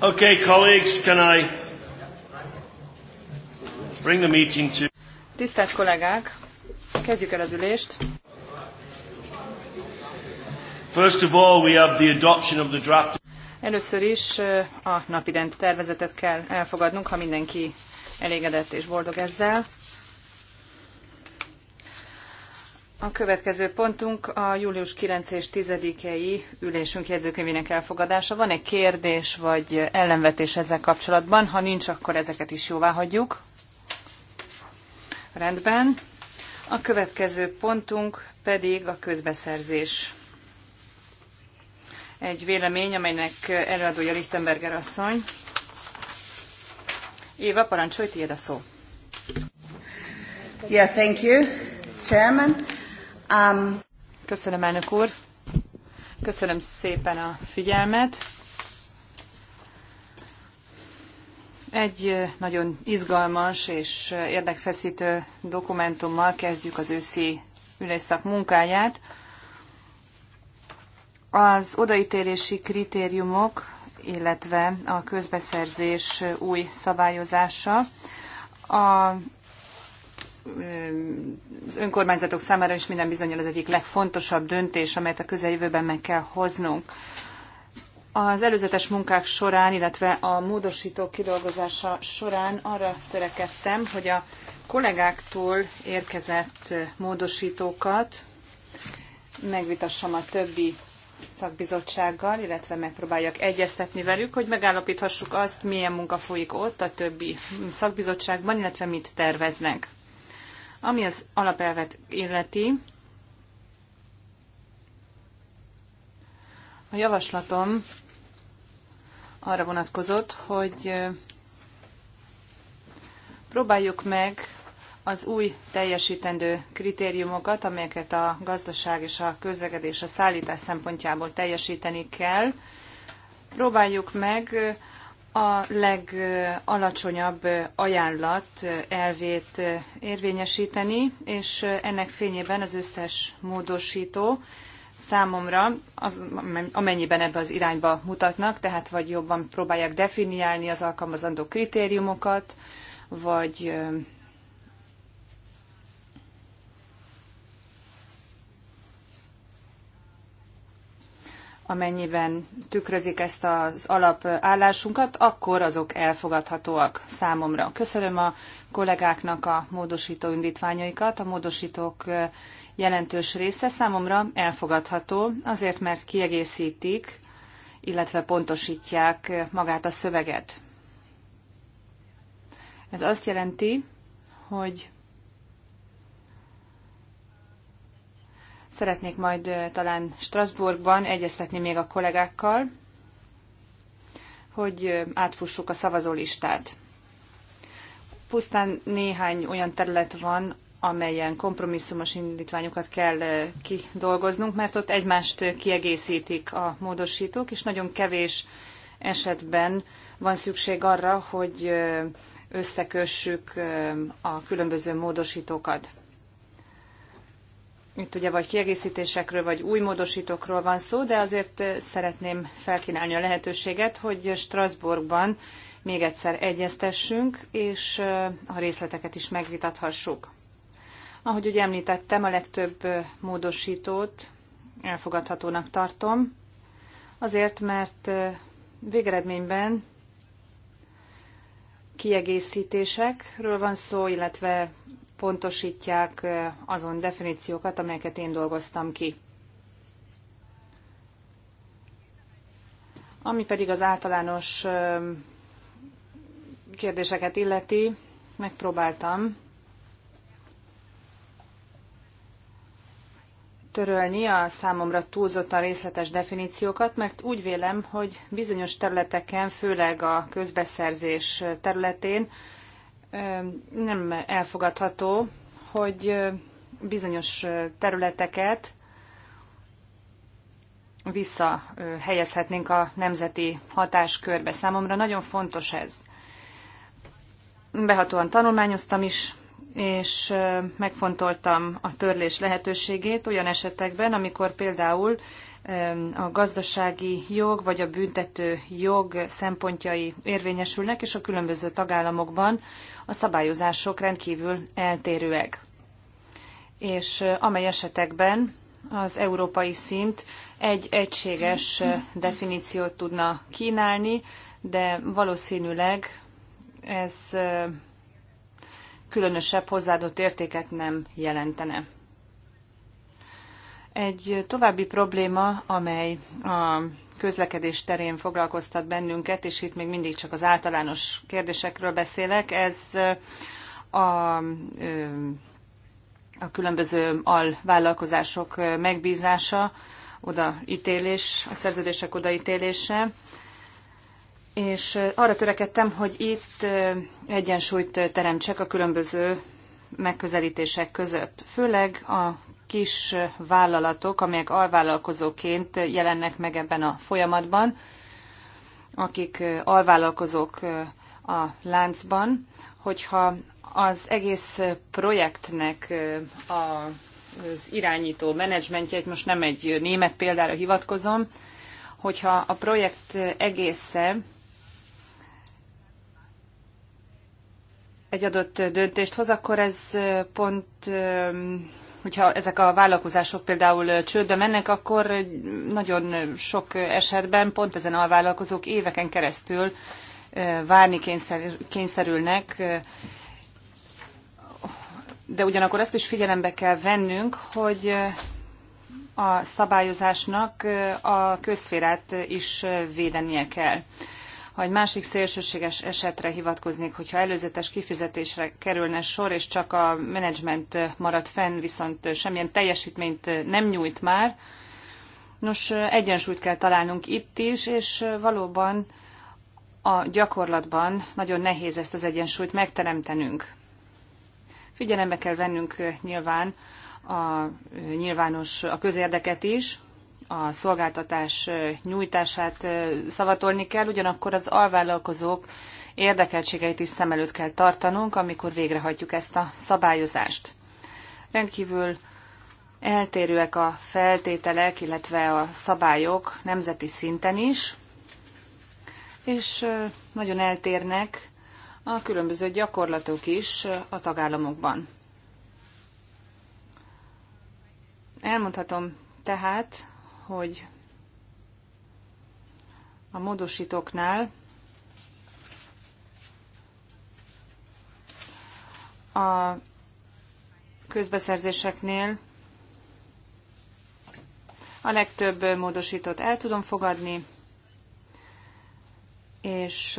Okay, colleagues, can I bring the meeting to... Tisztelt kollégák, kezdjük el az ülést. First of all, we have the adoption of the draft. Először is eh, a napirend tervezetet kell elfogadnunk, ha mindenki elégedett és boldog ezzel. A következő pontunk a július 9 és 10-i ülésünk jegyzőkönyvének elfogadása. Van-e kérdés vagy ellenvetés ezzel kapcsolatban? Ha nincs, akkor ezeket is jóvá hagyjuk. Rendben. A következő pontunk pedig a közbeszerzés. Egy vélemény, amelynek előadója Lichtenberger asszony. Éva, parancsolj, tiéd a szó. Yeah, thank you, Chairman. Um... Köszönöm, elnök úr. Köszönöm szépen a figyelmet. Egy nagyon izgalmas és érdekfeszítő dokumentummal kezdjük az őszi ülésszak munkáját. Az odaítélési kritériumok, illetve a közbeszerzés új szabályozása a az önkormányzatok számára is minden bizonyal az egyik legfontosabb döntés, amelyet a közeljövőben meg kell hoznunk. Az előzetes munkák során, illetve a módosítók kidolgozása során arra törekedtem, hogy a kollégáktól érkezett módosítókat megvitassam a többi szakbizottsággal, illetve megpróbáljak egyeztetni velük, hogy megállapíthassuk azt, milyen munka folyik ott a többi szakbizottságban, illetve mit terveznek. Ami az alapelvet illeti, a javaslatom arra vonatkozott, hogy próbáljuk meg az új teljesítendő kritériumokat, amelyeket a gazdaság és a közlekedés a szállítás szempontjából teljesíteni kell. Próbáljuk meg a legalacsonyabb ajánlat elvét érvényesíteni, és ennek fényében az összes módosító számomra, az, amennyiben ebbe az irányba mutatnak, tehát vagy jobban próbálják definiálni az alkalmazandó kritériumokat, vagy amennyiben tükrözik ezt az alapállásunkat, akkor azok elfogadhatóak számomra. Köszönöm a kollégáknak a módosító indítványaikat. A módosítók jelentős része számomra elfogadható, azért mert kiegészítik, illetve pontosítják magát a szöveget. Ez azt jelenti, hogy Szeretnék majd talán Strasbourgban egyeztetni még a kollégákkal, hogy átfussuk a szavazólistát. Pusztán néhány olyan terület van, amelyen kompromisszumos indítványokat kell kidolgoznunk, mert ott egymást kiegészítik a módosítók, és nagyon kevés esetben van szükség arra, hogy összekössük a különböző módosítókat. Itt ugye vagy kiegészítésekről, vagy új módosítókról van szó, de azért eh, szeretném felkínálni a lehetőséget, hogy Strasbourgban még egyszer egyeztessünk, és eh, a részleteket is megvitathassuk. Ahogy ugye említettem, a legtöbb eh, módosítót elfogadhatónak tartom, azért, mert végeredményben kiegészítésekről van szó, illetve pontosítják eh, azon definíciókat, amelyeket én dolgoztam ki. Ami pedig az általános eh, kérdéseket illeti, megpróbáltam törölni a számomra túlzottan részletes definíciókat, mert úgy vélem, hogy bizonyos területeken, főleg a közbeszerzés területén nem elfogadható, hogy bizonyos területeket visszahelyezhetnénk a nemzeti hatáskörbe. Számomra nagyon fontos ez. Behatóan tanulmányoztam is, és megfontoltam a törlés lehetőségét olyan esetekben, amikor például a gazdasági jog vagy a büntető jog szempontjai érvényesülnek, és a különböző tagállamokban a szabályozások rendkívül eltérőek. És amely esetekben az európai szint egy egységes definíciót tudna kínálni, de valószínűleg ez különösebb hozzáadott értéket nem jelentene. Egy további probléma, amely a közlekedés terén foglalkoztat bennünket, és itt még mindig csak az általános kérdésekről beszélek, ez a, a különböző alvállalkozások megbízása, odaítélés, a szerződések odaítélése. És arra törekedtem, hogy itt egyensúlyt teremtsek a különböző megközelítések között, főleg a kis vállalatok, amelyek alvállalkozóként jelennek meg ebben a folyamatban, akik alvállalkozók a láncban, hogyha az egész projektnek az irányító menedzsmentjeit, most nem egy német példára hivatkozom, hogyha a projekt egésze egy adott döntést hoz, akkor ez pont hogyha ezek a vállalkozások például csődbe mennek, akkor nagyon sok esetben pont ezen a vállalkozók éveken keresztül várni kényszerülnek, de ugyanakkor azt is figyelembe kell vennünk, hogy a szabályozásnak a közférát is védenie kell. Ha egy másik szélsőséges esetre hivatkoznék, hogyha előzetes kifizetésre kerülne sor, és csak a menedzsment marad fenn, viszont semmilyen teljesítményt nem nyújt már, nos, egyensúlyt kell találnunk itt is, és valóban a gyakorlatban nagyon nehéz ezt az egyensúlyt megteremtenünk. Figyelembe kell vennünk nyilván a nyilvános a közérdeket is, a szolgáltatás nyújtását szavatolni kell, ugyanakkor az alvállalkozók érdekeltségeit is szem előtt kell tartanunk, amikor végrehajtjuk ezt a szabályozást. Rendkívül eltérőek a feltételek, illetve a szabályok nemzeti szinten is, és nagyon eltérnek a különböző gyakorlatok is a tagállamokban. Elmondhatom tehát, hogy a módosítóknál a közbeszerzéseknél a legtöbb módosítót el tudom fogadni, és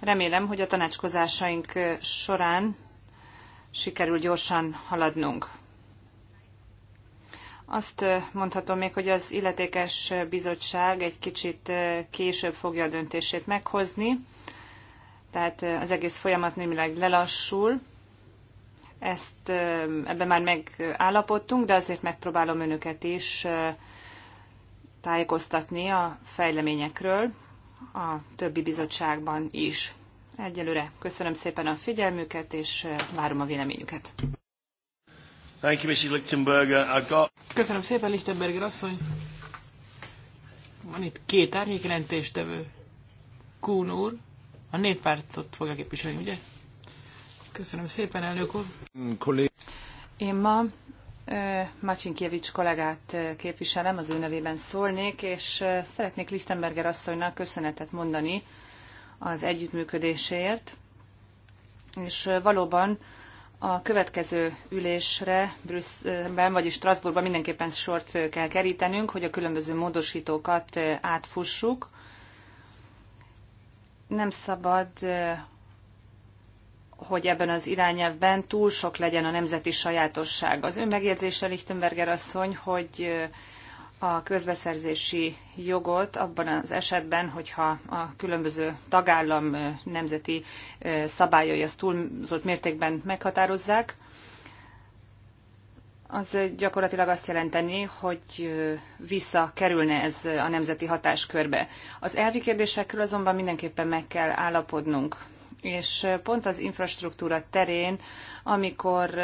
remélem, hogy a tanácskozásaink során sikerül gyorsan haladnunk. Azt mondhatom még, hogy az illetékes bizottság egy kicsit később fogja a döntését meghozni, tehát az egész folyamat némileg lelassul. Ezt ebben már megállapodtunk, de azért megpróbálom önöket is tájékoztatni a fejleményekről a többi bizottságban is. Egyelőre köszönöm szépen a figyelmüket, és várom a véleményüket. Thank you, Mrs. Lichtenberger. I've got... Köszönöm szépen, Lichtenberger asszony. Van itt két árnyékjelentéstevő. Kuhn úr, a néppártot fogja képviselni, ugye? Köszönöm szépen, elnök úr. Én ma Macsinkjevics kollégát képviselem, az ő nevében szólnék, és szeretnék Lichtenberger asszonynak köszönetet mondani az együttműködéséért. És valóban a következő ülésre Brüsszelben, vagyis Strasbourgban mindenképpen sort kell kerítenünk, hogy a különböző módosítókat átfussuk. Nem szabad, hogy ebben az irányelvben túl sok legyen a nemzeti sajátosság. Az ön megjegyzése, Lichtenberger asszony, hogy a közbeszerzési jogot abban az esetben, hogyha a különböző tagállam nemzeti szabályai azt túlzott mértékben meghatározzák, az gyakorlatilag azt jelenteni, hogy visszakerülne ez a nemzeti hatáskörbe. Az elvi kérdésekről azonban mindenképpen meg kell állapodnunk és pont az infrastruktúra terén, amikor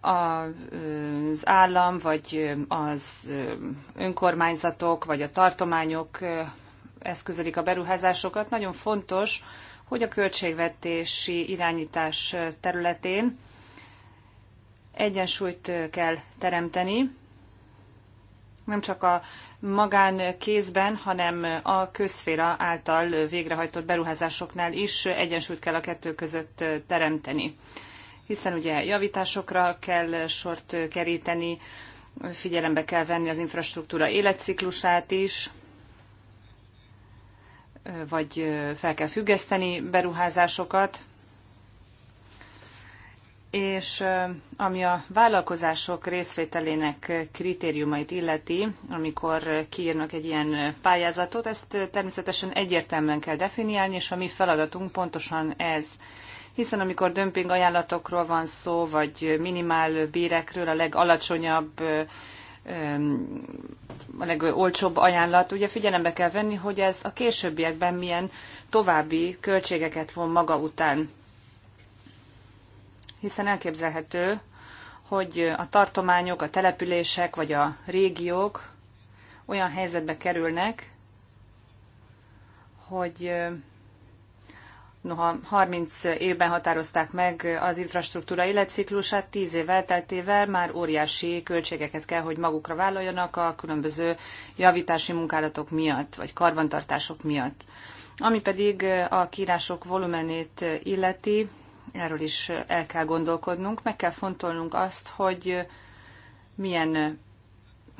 az állam, vagy az önkormányzatok, vagy a tartományok eszközölik a beruházásokat, nagyon fontos, hogy a költségvetési irányítás területén egyensúlyt kell teremteni, nem csak a magán kézben, hanem a közféra által végrehajtott beruházásoknál is egyensúlyt kell a kettő között teremteni. Hiszen ugye javításokra kell sort keríteni, figyelembe kell venni az infrastruktúra életciklusát is, vagy fel kell függeszteni beruházásokat, és ami a vállalkozások részvételének kritériumait illeti, amikor kiírnak egy ilyen pályázatot, ezt természetesen egyértelműen kell definiálni, és a mi feladatunk pontosan ez. Hiszen amikor dömping ajánlatokról van szó, vagy minimál bérekről, a legalacsonyabb a legolcsóbb ajánlat, ugye figyelembe kell venni, hogy ez a későbbiekben milyen további költségeket von maga után hiszen elképzelhető, hogy a tartományok, a települések vagy a régiók olyan helyzetbe kerülnek, hogy noha 30 évben határozták meg az infrastruktúra életciklusát, 10 év elteltével már óriási költségeket kell, hogy magukra vállaljanak a különböző javítási munkálatok miatt, vagy karbantartások miatt. Ami pedig a kírások volumenét illeti, erről is el kell gondolkodnunk, meg kell fontolnunk azt, hogy milyen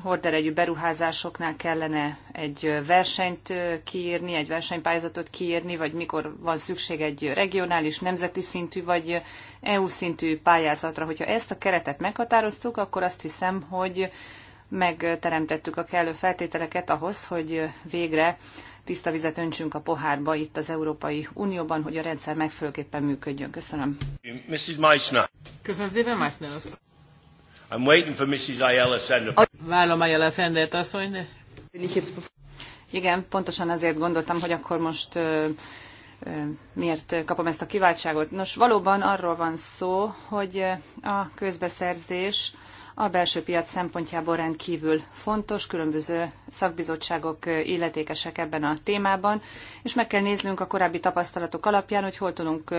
horderejű beruházásoknál kellene egy versenyt kiírni, egy versenypályázatot kiírni, vagy mikor van szükség egy regionális, nemzeti szintű, vagy EU szintű pályázatra. Hogyha ezt a keretet meghatároztuk, akkor azt hiszem, hogy megteremtettük a kellő feltételeket ahhoz, hogy végre tiszta vizet öntsünk a pohárba itt az Európai Unióban, hogy a rendszer megfelelőképpen működjön. Köszönöm. Mrs. Meissner. Köszönöm szépen, Meissner I'm waiting for Mrs. Ayala Sender. Várom Ayala Sendert asszony, Igen, pontosan azért gondoltam, hogy akkor most miért kapom ezt a kiváltságot. Nos, valóban arról van szó, hogy a közbeszerzés a belső piac szempontjából rendkívül fontos, különböző szakbizottságok illetékesek ebben a témában, és meg kell néznünk a korábbi tapasztalatok alapján, hogy hol tudunk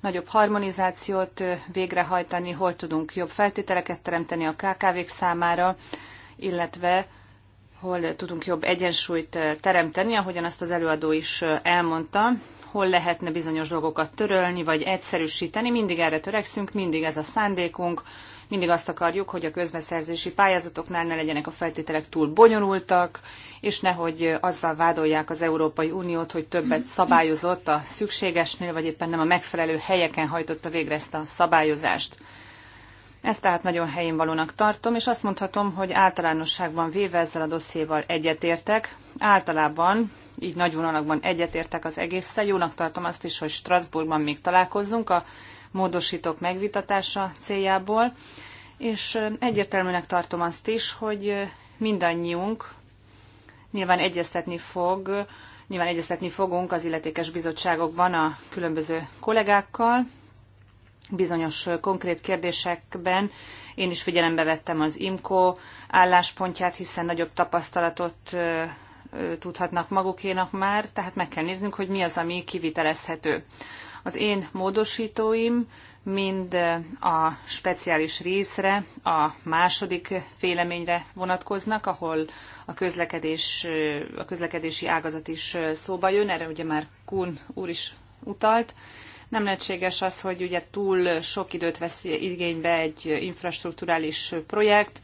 nagyobb harmonizációt végrehajtani, hol tudunk jobb feltételeket teremteni a KKV-k számára, illetve hol tudunk jobb egyensúlyt teremteni, ahogyan azt az előadó is elmondta, hol lehetne bizonyos dolgokat törölni, vagy egyszerűsíteni. Mindig erre törekszünk, mindig ez a szándékunk, mindig azt akarjuk, hogy a közbeszerzési pályázatoknál ne legyenek a feltételek túl bonyolultak, és nehogy azzal vádolják az Európai Uniót, hogy többet szabályozott a szükségesnél, vagy éppen nem a megfelelő helyeken hajtotta végre ezt a szabályozást. Ezt tehát nagyon helyén valónak tartom, és azt mondhatom, hogy általánosságban véve ezzel a dosszéval egyetértek. Általában, így nagy vonalakban egyetértek az egészen. Jónak tartom azt is, hogy Strasbourgban még találkozzunk a módosítók megvitatása céljából, és egyértelműnek tartom azt is, hogy mindannyiunk nyilván egyeztetni fog, nyilván egyeztetni fogunk az illetékes bizottságokban a különböző kollégákkal, bizonyos konkrét kérdésekben. Én is figyelembe vettem az IMCO álláspontját, hiszen nagyobb tapasztalatot tudhatnak magukénak már, tehát meg kell néznünk, hogy mi az, ami kivitelezhető. Az én módosítóim mind a speciális részre, a második véleményre vonatkoznak, ahol a, közlekedés, a közlekedési ágazat is szóba jön, erre ugye már Kun úr is utalt, nem lehetséges az, hogy ugye túl sok időt vesz igénybe egy infrastruktúrális projekt,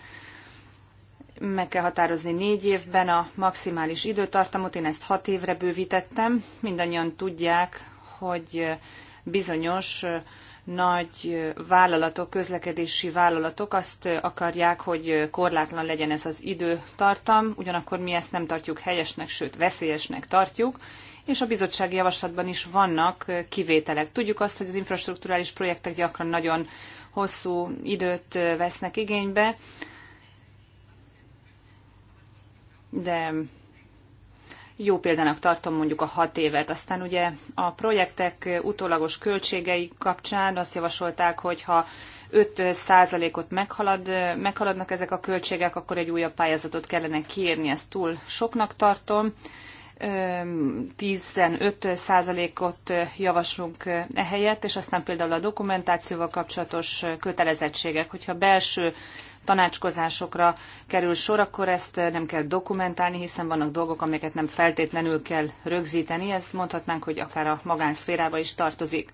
meg kell határozni négy évben a maximális időtartamot, én ezt hat évre bővítettem. Mindannyian tudják, hogy bizonyos nagy vállalatok, közlekedési vállalatok azt akarják, hogy korlátlan legyen ez az időtartam, ugyanakkor mi ezt nem tartjuk helyesnek, sőt veszélyesnek tartjuk, és a bizottsági javaslatban is vannak kivételek. Tudjuk azt, hogy az infrastruktúrális projektek gyakran nagyon hosszú időt vesznek igénybe, de jó példának tartom mondjuk a hat évet. Aztán ugye a projektek utólagos költségei kapcsán azt javasolták, hogy ha 5%-ot meghalad, meghaladnak ezek a költségek, akkor egy újabb pályázatot kellene kiírni. Ezt túl soknak tartom. 15%-ot javaslunk ehelyett, és aztán például a dokumentációval kapcsolatos kötelezettségek, hogyha belső tanácskozásokra kerül sor, akkor ezt nem kell dokumentálni, hiszen vannak dolgok, amiket nem feltétlenül kell rögzíteni, ezt mondhatnánk, hogy akár a magánszférába is tartozik.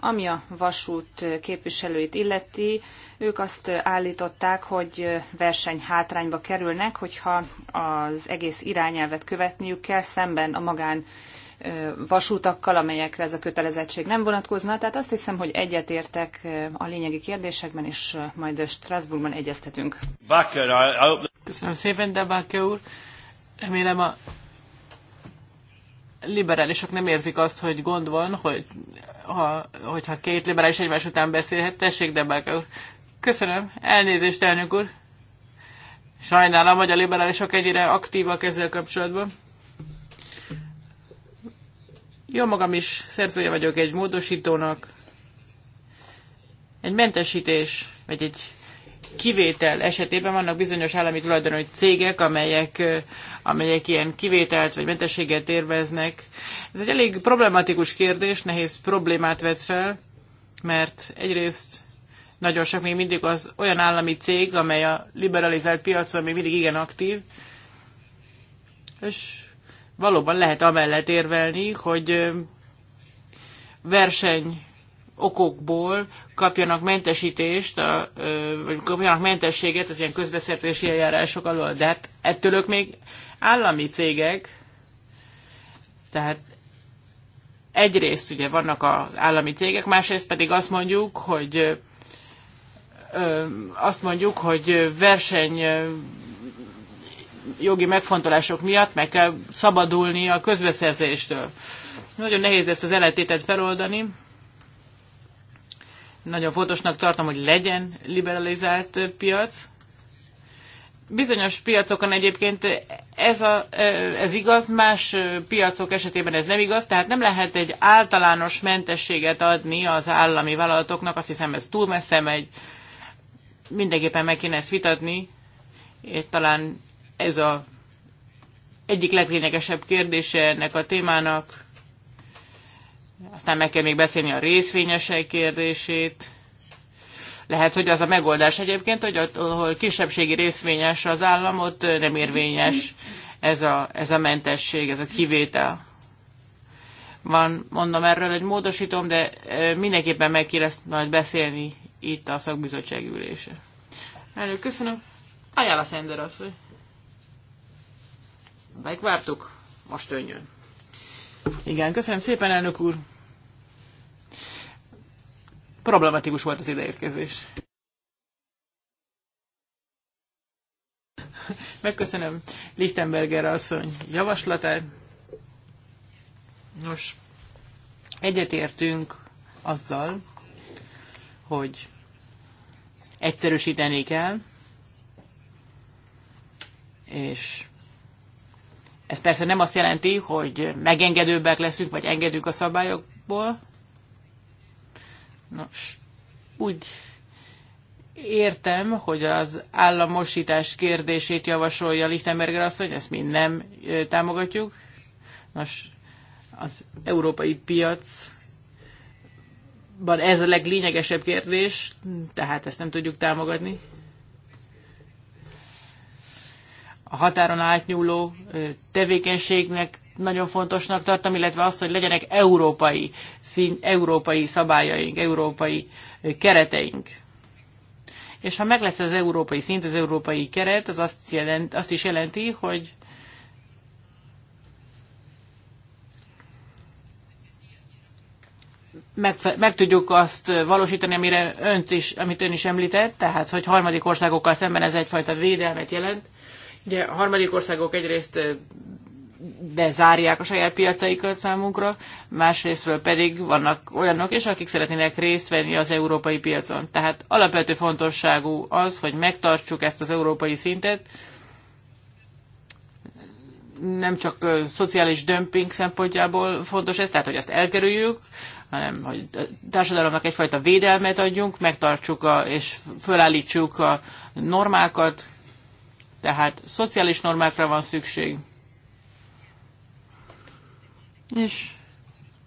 Ami a vasút képviselőit illeti, ők azt állították, hogy versenyhátrányba kerülnek, hogyha az egész irányelvet követniük kell szemben a magán vasútakkal, amelyekre ez a kötelezettség nem vonatkozna. Tehát azt hiszem, hogy egyetértek a lényegi kérdésekben, és majd Strasbourgban egyeztetünk. Köszönöm szépen, Debáke úr. Remélem a liberálisok nem érzik azt, hogy gond van, hogy ha, hogyha két liberális egymás után beszélhet, tessék, de bár... Köszönöm, elnézést, elnök úr. Sajnálom, hogy a liberálisok ennyire aktívak ezzel kapcsolatban. Jó magam is szerzője vagyok egy módosítónak. Egy mentesítés, vagy egy kivétel esetében vannak bizonyos állami tulajdonú cégek, amelyek, amelyek ilyen kivételt vagy mentességet érveznek. Ez egy elég problematikus kérdés, nehéz problémát vet fel, mert egyrészt nagyon sok még mindig az olyan állami cég, amely a liberalizált piacon még mindig igen aktív, és valóban lehet amellett érvelni, hogy verseny okokból kapjanak mentesítést, a, vagy kapjanak mentességet az ilyen közbeszerzési eljárások alól. De hát ettől ők még állami cégek, tehát egyrészt ugye vannak az állami cégek, másrészt pedig azt mondjuk, hogy azt mondjuk, hogy verseny jogi megfontolások miatt meg kell szabadulni a közbeszerzéstől. Nagyon nehéz ezt az ellentétet feloldani. Nagyon fontosnak tartom, hogy legyen liberalizált piac. Bizonyos piacokon egyébként ez, a, ez igaz, más piacok esetében ez nem igaz, tehát nem lehet egy általános mentességet adni az állami vállalatoknak, azt hiszem ez túl messze megy, mindenképpen meg kéne ezt vitatni, és talán ez a egyik leglényegesebb kérdése ennek a témának. Aztán meg kell még beszélni a részvényesek kérdését. Lehet, hogy az a megoldás egyébként, hogy ott, ahol kisebbségi részvényes az állam, ott nem érvényes ez a, ez a mentesség, ez a kivétel. Van, mondom erről egy módosítom, de mindenképpen meg ezt majd beszélni itt a szakbizottság ülése. Elnök, köszönöm. Ajánl a szender asszony. Megvártuk, most önjön. Igen, köszönöm szépen, elnök úr. Problematikus volt az ideérkezés. Megköszönöm Lichtenberger asszony javaslatát. Nos, egyetértünk azzal, hogy egyszerűsíteni kell, és ez persze nem azt jelenti, hogy megengedőbbek leszünk, vagy engedünk a szabályokból. Nos, úgy értem, hogy az államosítás kérdését javasolja Lichtenberger asszony, ezt mi nem támogatjuk. Nos, az európai piac ez a leglényegesebb kérdés, tehát ezt nem tudjuk támogatni. a határon átnyúló tevékenységnek nagyon fontosnak tartom, illetve azt, hogy legyenek európai, szín, európai szabályaink, európai kereteink. És ha meg lesz az európai szint, az európai keret, az azt, jelent, azt is jelenti, hogy meg, meg tudjuk azt valósítani, amire önt is, amit ön is említett, tehát hogy harmadik országokkal szemben ez egyfajta védelmet jelent, Ugye a harmadik országok egyrészt bezárják a saját piacaikat számunkra, másrésztről pedig vannak olyanok is, akik szeretnének részt venni az európai piacon. Tehát alapvető fontosságú az, hogy megtartsuk ezt az európai szintet, nem csak szociális dömping szempontjából fontos ez, tehát hogy ezt elkerüljük, hanem hogy a társadalomnak egyfajta védelmet adjunk, megtartsuk a, és fölállítsuk a normákat, tehát szociális normákra van szükség. És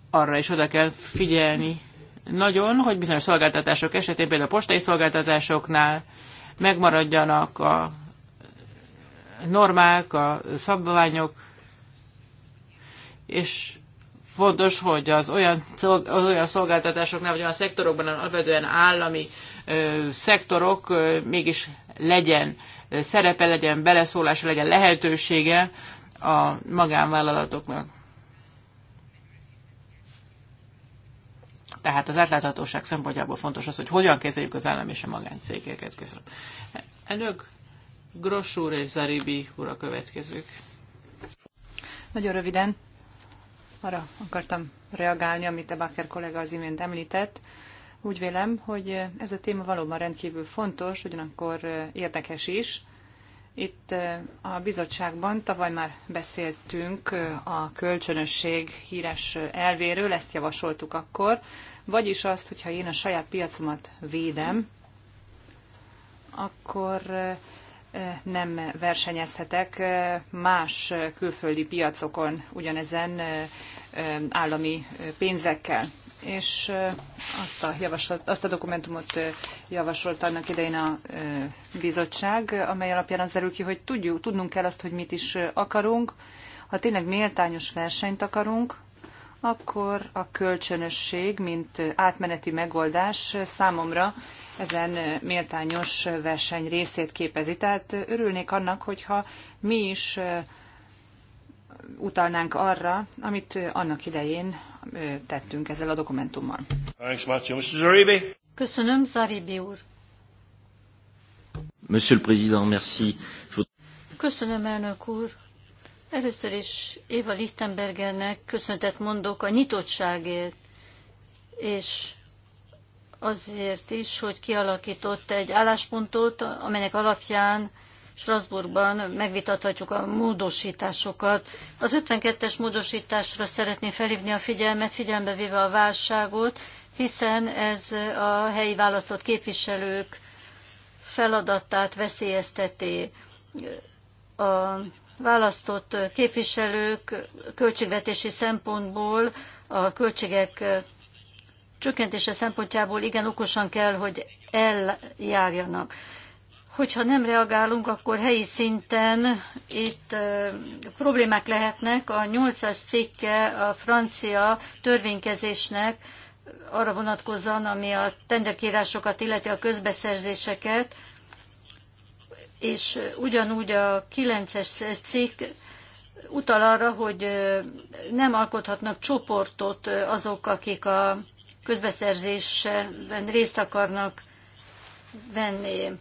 arra is oda kell figyelni nagyon, hogy bizonyos szolgáltatások esetén, például a postai szolgáltatásoknál megmaradjanak a normák, a szabványok, és fontos, hogy az olyan, az olyan szolgáltatásoknál, vagy olyan szektorokban, alapvetően állami ö, szektorok ö, mégis legyen szerepe, legyen beleszólása, legyen lehetősége a magánvállalatoknak. Tehát az átláthatóság szempontjából fontos az, hogy hogyan kezeljük az állam és a magáncégeket. Köszönöm. Elnök Grossúr és Zaribi ura következők. Nagyon röviden arra akartam reagálni, amit a Baker kollega az imént említett. Úgy vélem, hogy ez a téma valóban rendkívül fontos, ugyanakkor érdekes is. Itt a bizottságban tavaly már beszéltünk a kölcsönösség híres elvéről, ezt javasoltuk akkor, vagyis azt, hogyha én a saját piacomat védem, akkor eh, nem versenyezhetek eh, más külföldi piacokon ugyanezen eh, állami pénzekkel és azt a, javaslat, azt a dokumentumot javasolt annak idején a bizottság, amely alapján az derül ki, hogy tudjuk, tudnunk kell azt, hogy mit is akarunk. Ha tényleg méltányos versenyt akarunk, akkor a kölcsönösség, mint átmeneti megoldás számomra ezen méltányos verseny részét képezi. Tehát örülnék annak, hogyha mi is utalnánk arra, amit annak idején tettünk ezzel a dokumentummal. Köszönöm, Zaribi úr. Monsieur le Président, merci. Köszönöm, elnök úr. Először is Éva Lichtenbergernek köszöntet mondok a nyitottságért, és azért is, hogy kialakított egy álláspontot, amelynek alapján Strasbourgban megvitathatjuk a módosításokat. Az 52-es módosításra szeretném felhívni a figyelmet, figyelembe véve a válságot, hiszen ez a helyi választott képviselők feladatát veszélyezteti. A választott képviselők költségvetési szempontból a költségek csökkentése szempontjából igen okosan kell, hogy eljárjanak hogyha nem reagálunk, akkor helyi szinten itt problémák lehetnek. A 8-as cikke a francia törvénykezésnek arra vonatkozóan, ami a tenderkírásokat illeti a közbeszerzéseket, és ugyanúgy a 9-es cikk utal arra, hogy nem alkothatnak csoportot azok, akik a közbeszerzésben részt akarnak venni.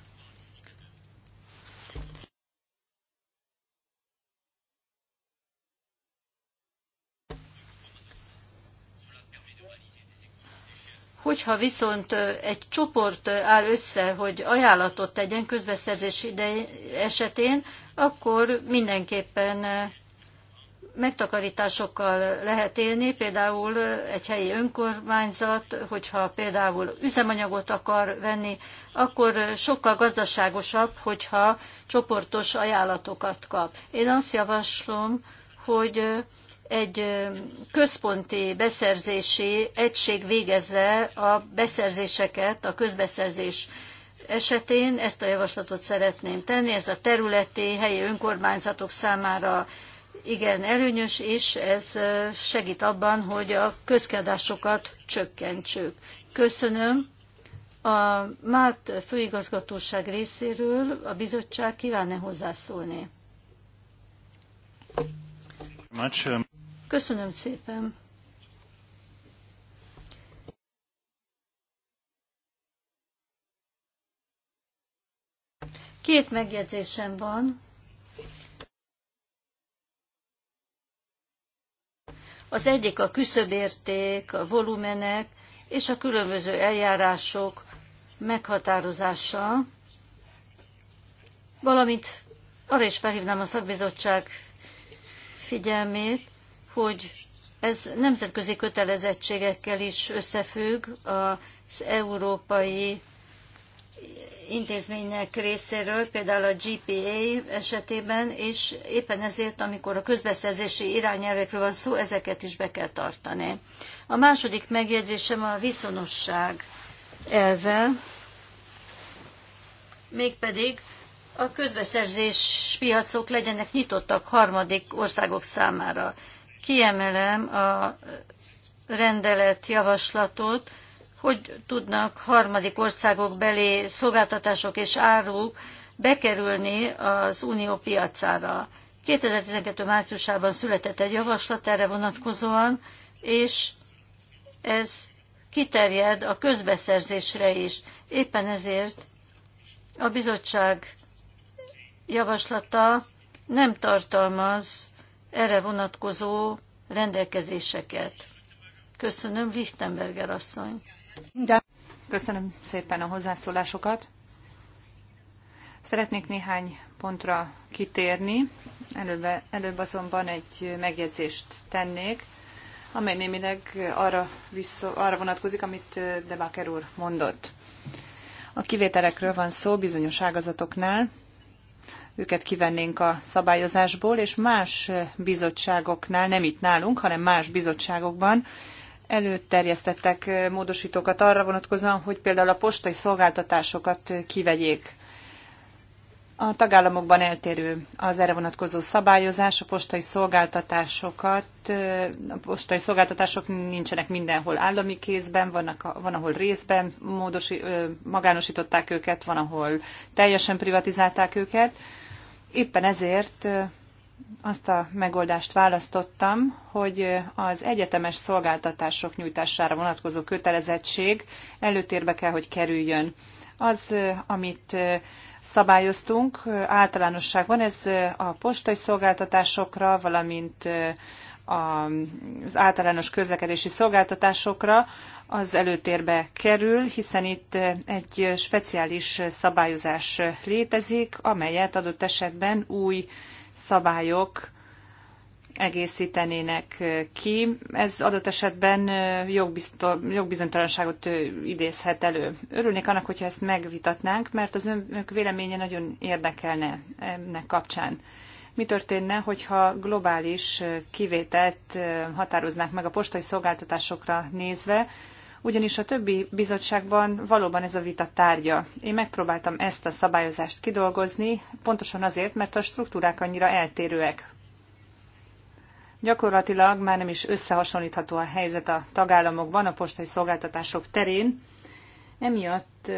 Hogyha viszont egy csoport áll össze, hogy ajánlatot tegyen közbeszerzés idei esetén, akkor mindenképpen megtakarításokkal lehet élni, például egy helyi önkormányzat, hogyha például üzemanyagot akar venni, akkor sokkal gazdaságosabb, hogyha csoportos ajánlatokat kap. Én azt javaslom, hogy egy központi beszerzési egység végezze a beszerzéseket a közbeszerzés esetén. Ezt a javaslatot szeretném tenni. Ez a területi, helyi önkormányzatok számára igen előnyös, és ez segít abban, hogy a közkiadásokat csökkentsük. Köszönöm. A Márt főigazgatóság részéről a bizottság kíván-e hozzászólni? Um, Köszönöm szépen! Két megjegyzésem van. Az egyik a küszöbérték, a volumenek és a különböző eljárások meghatározása, valamint arra is felhívnám a szakbizottság figyelmét, hogy ez nemzetközi kötelezettségekkel is összefügg az európai intézmények részéről, például a GPA esetében, és éppen ezért, amikor a közbeszerzési irányelvekről van szó, ezeket is be kell tartani. A második megjegyzésem a viszonosság elve, mégpedig a közbeszerzés piacok legyenek nyitottak harmadik országok számára kiemelem a rendelet javaslatot, hogy tudnak harmadik országok belé szolgáltatások és áruk bekerülni az unió piacára. 2012. márciusában született egy javaslat erre vonatkozóan, és ez kiterjed a közbeszerzésre is. Éppen ezért a bizottság javaslata nem tartalmaz erre vonatkozó rendelkezéseket. Köszönöm, Lichtenberger asszony. Köszönöm szépen a hozzászólásokat. Szeretnék néhány pontra kitérni, előbb, előbb azonban egy megjegyzést tennék, amely némileg arra, vissza, arra vonatkozik, amit Debaker úr mondott. A kivételekről van szó bizonyos ágazatoknál, őket kivennénk a szabályozásból, és más bizottságoknál, nem itt nálunk, hanem más bizottságokban előterjesztettek módosítókat arra vonatkozóan, hogy például a postai szolgáltatásokat kivegyék. A tagállamokban eltérő az erre vonatkozó szabályozás, a postai szolgáltatásokat, a postai szolgáltatások nincsenek mindenhol állami kézben, vannak, van, ahol részben módosi, magánosították őket, van, ahol teljesen privatizálták őket Éppen ezért azt a megoldást választottam, hogy az egyetemes szolgáltatások nyújtására vonatkozó kötelezettség előtérbe kell, hogy kerüljön. Az, amit szabályoztunk általánosságban, ez a postai szolgáltatásokra, valamint az általános közlekedési szolgáltatásokra, az előtérbe kerül, hiszen itt egy speciális szabályozás létezik, amelyet adott esetben új szabályok egészítenének ki. Ez adott esetben jogbizonytalanságot idézhet elő. Örülnék annak, hogyha ezt megvitatnánk, mert az önök véleménye nagyon érdekelne ennek kapcsán. Mi történne, hogyha globális kivételt határoznák meg a postai szolgáltatásokra nézve, ugyanis a többi bizottságban valóban ez a vita tárgya. Én megpróbáltam ezt a szabályozást kidolgozni, pontosan azért, mert a struktúrák annyira eltérőek. Gyakorlatilag már nem is összehasonlítható a helyzet a tagállamokban a postai szolgáltatások terén, emiatt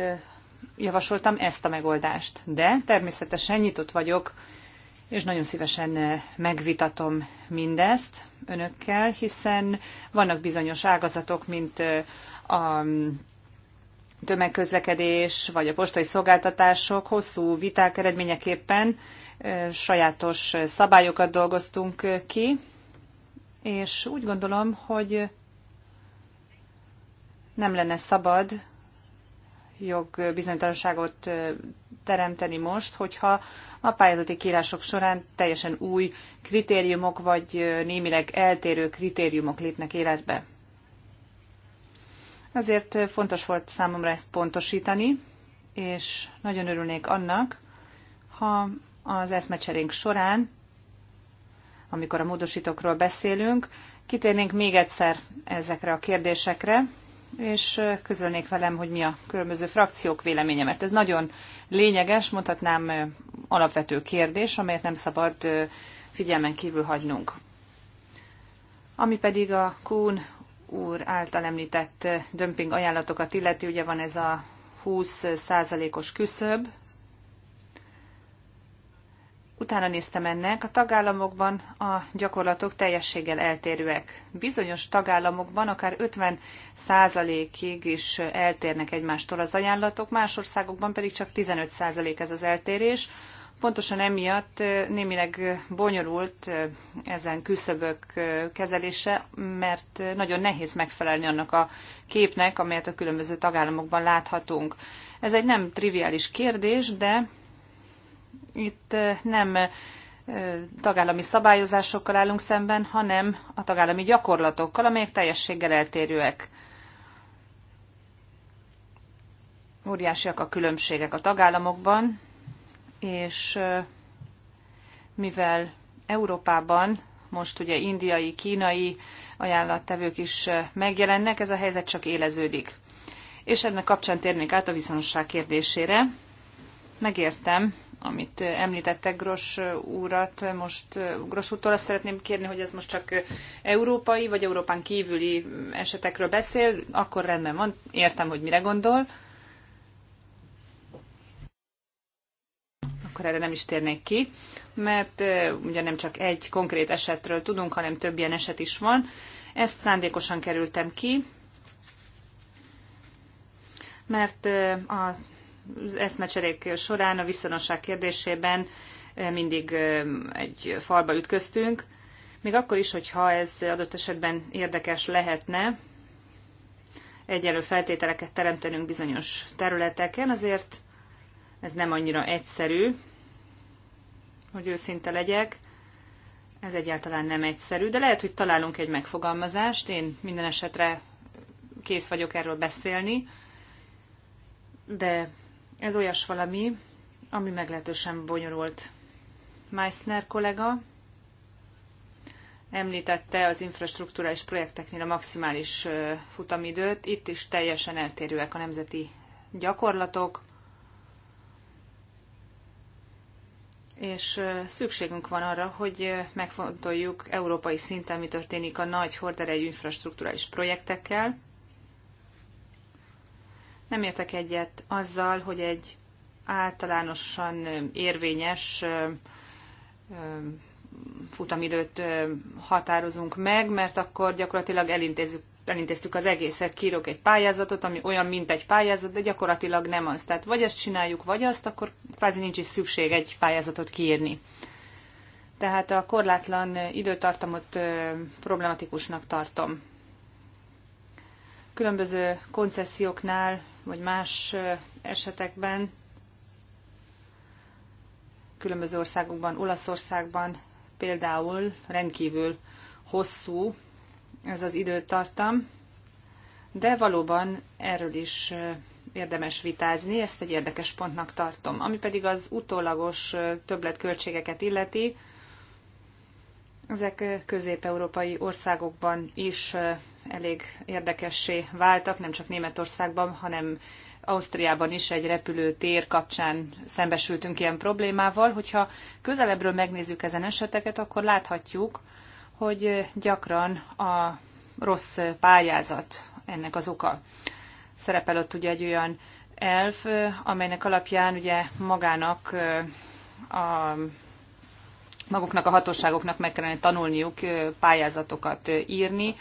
javasoltam ezt a megoldást. De természetesen nyitott vagyok, és nagyon szívesen megvitatom mindezt önökkel, hiszen vannak bizonyos ágazatok, mint a tömegközlekedés vagy a postai szolgáltatások hosszú viták eredményeképpen sajátos szabályokat dolgoztunk ki, és úgy gondolom, hogy nem lenne szabad jogbizonytalanságot teremteni most, hogyha a pályázati kírások során teljesen új kritériumok, vagy némileg eltérő kritériumok lépnek életbe. Azért fontos volt számomra ezt pontosítani, és nagyon örülnék annak, ha az eszmecserénk során, amikor a módosítókról beszélünk, kitérnénk még egyszer ezekre a kérdésekre, és közölnék velem, hogy mi a különböző frakciók véleménye, mert ez nagyon lényeges, mondhatnám alapvető kérdés, amelyet nem szabad figyelmen kívül hagynunk. Ami pedig a Kuhn úr által említett dömping ajánlatokat illeti, ugye van ez a 20 százalékos küszöb. Utána néztem ennek, a tagállamokban a gyakorlatok teljességgel eltérőek. Bizonyos tagállamokban akár 50 százalékig is eltérnek egymástól az ajánlatok, más országokban pedig csak 15 százalék ez az eltérés, Pontosan emiatt némileg bonyolult ezen küszöbök kezelése, mert nagyon nehéz megfelelni annak a képnek, amelyet a különböző tagállamokban láthatunk. Ez egy nem triviális kérdés, de itt nem tagállami szabályozásokkal állunk szemben, hanem a tagállami gyakorlatokkal, amelyek teljességgel eltérőek. Óriásiak a különbségek a tagállamokban, és mivel Európában most ugye indiai, kínai ajánlattevők is megjelennek, ez a helyzet csak éleződik. És ennek kapcsán térnék át a viszonosság kérdésére. Megértem, amit említettek Gros úrat, most Gros úrtól azt szeretném kérni, hogy ez most csak európai vagy Európán kívüli esetekről beszél, akkor rendben van, értem, hogy mire gondol. akkor erre nem is térnék ki, mert ugye nem csak egy konkrét esetről tudunk, hanem több ilyen eset is van. Ezt szándékosan kerültem ki, mert az eszmecserék során a viszonosság kérdésében mindig egy falba ütköztünk, még akkor is, hogyha ez adott esetben érdekes lehetne, egyelő feltételeket teremtenünk bizonyos területeken, azért ez nem annyira egyszerű, hogy őszinte legyek. Ez egyáltalán nem egyszerű, de lehet, hogy találunk egy megfogalmazást. Én minden esetre kész vagyok erről beszélni, de ez olyas valami, ami meglehetősen bonyolult. Meissner kollega említette az infrastruktúrális projekteknél a maximális futamidőt. Itt is teljesen eltérőek a nemzeti gyakorlatok. és szükségünk van arra, hogy megfontoljuk európai szinten, mi történik a nagy horderejű infrastruktúrális projektekkel. Nem értek egyet azzal, hogy egy általánosan érvényes futamidőt határozunk meg, mert akkor gyakorlatilag elintézzük elintéztük az egészet, kírok egy pályázatot, ami olyan, mint egy pályázat, de gyakorlatilag nem az. Tehát vagy ezt csináljuk, vagy azt, akkor kvázi nincs is szükség egy pályázatot kiírni. Tehát a korlátlan időtartamot problematikusnak tartom. Különböző koncesszióknál, vagy más esetekben, különböző országokban, Olaszországban például rendkívül hosszú ez az időtartam, de valóban erről is érdemes vitázni, ezt egy érdekes pontnak tartom. Ami pedig az utólagos többletköltségeket illeti, ezek közép-európai országokban is elég érdekessé váltak, nem csak Németországban, hanem Ausztriában is egy repülőtér kapcsán szembesültünk ilyen problémával. Hogyha közelebbről megnézzük ezen eseteket, akkor láthatjuk, hogy gyakran a rossz pályázat ennek az oka. Szerepel ott ugye egy olyan elv, amelynek alapján ugye magának a maguknak a hatóságoknak meg kellene tanulniuk pályázatokat írni.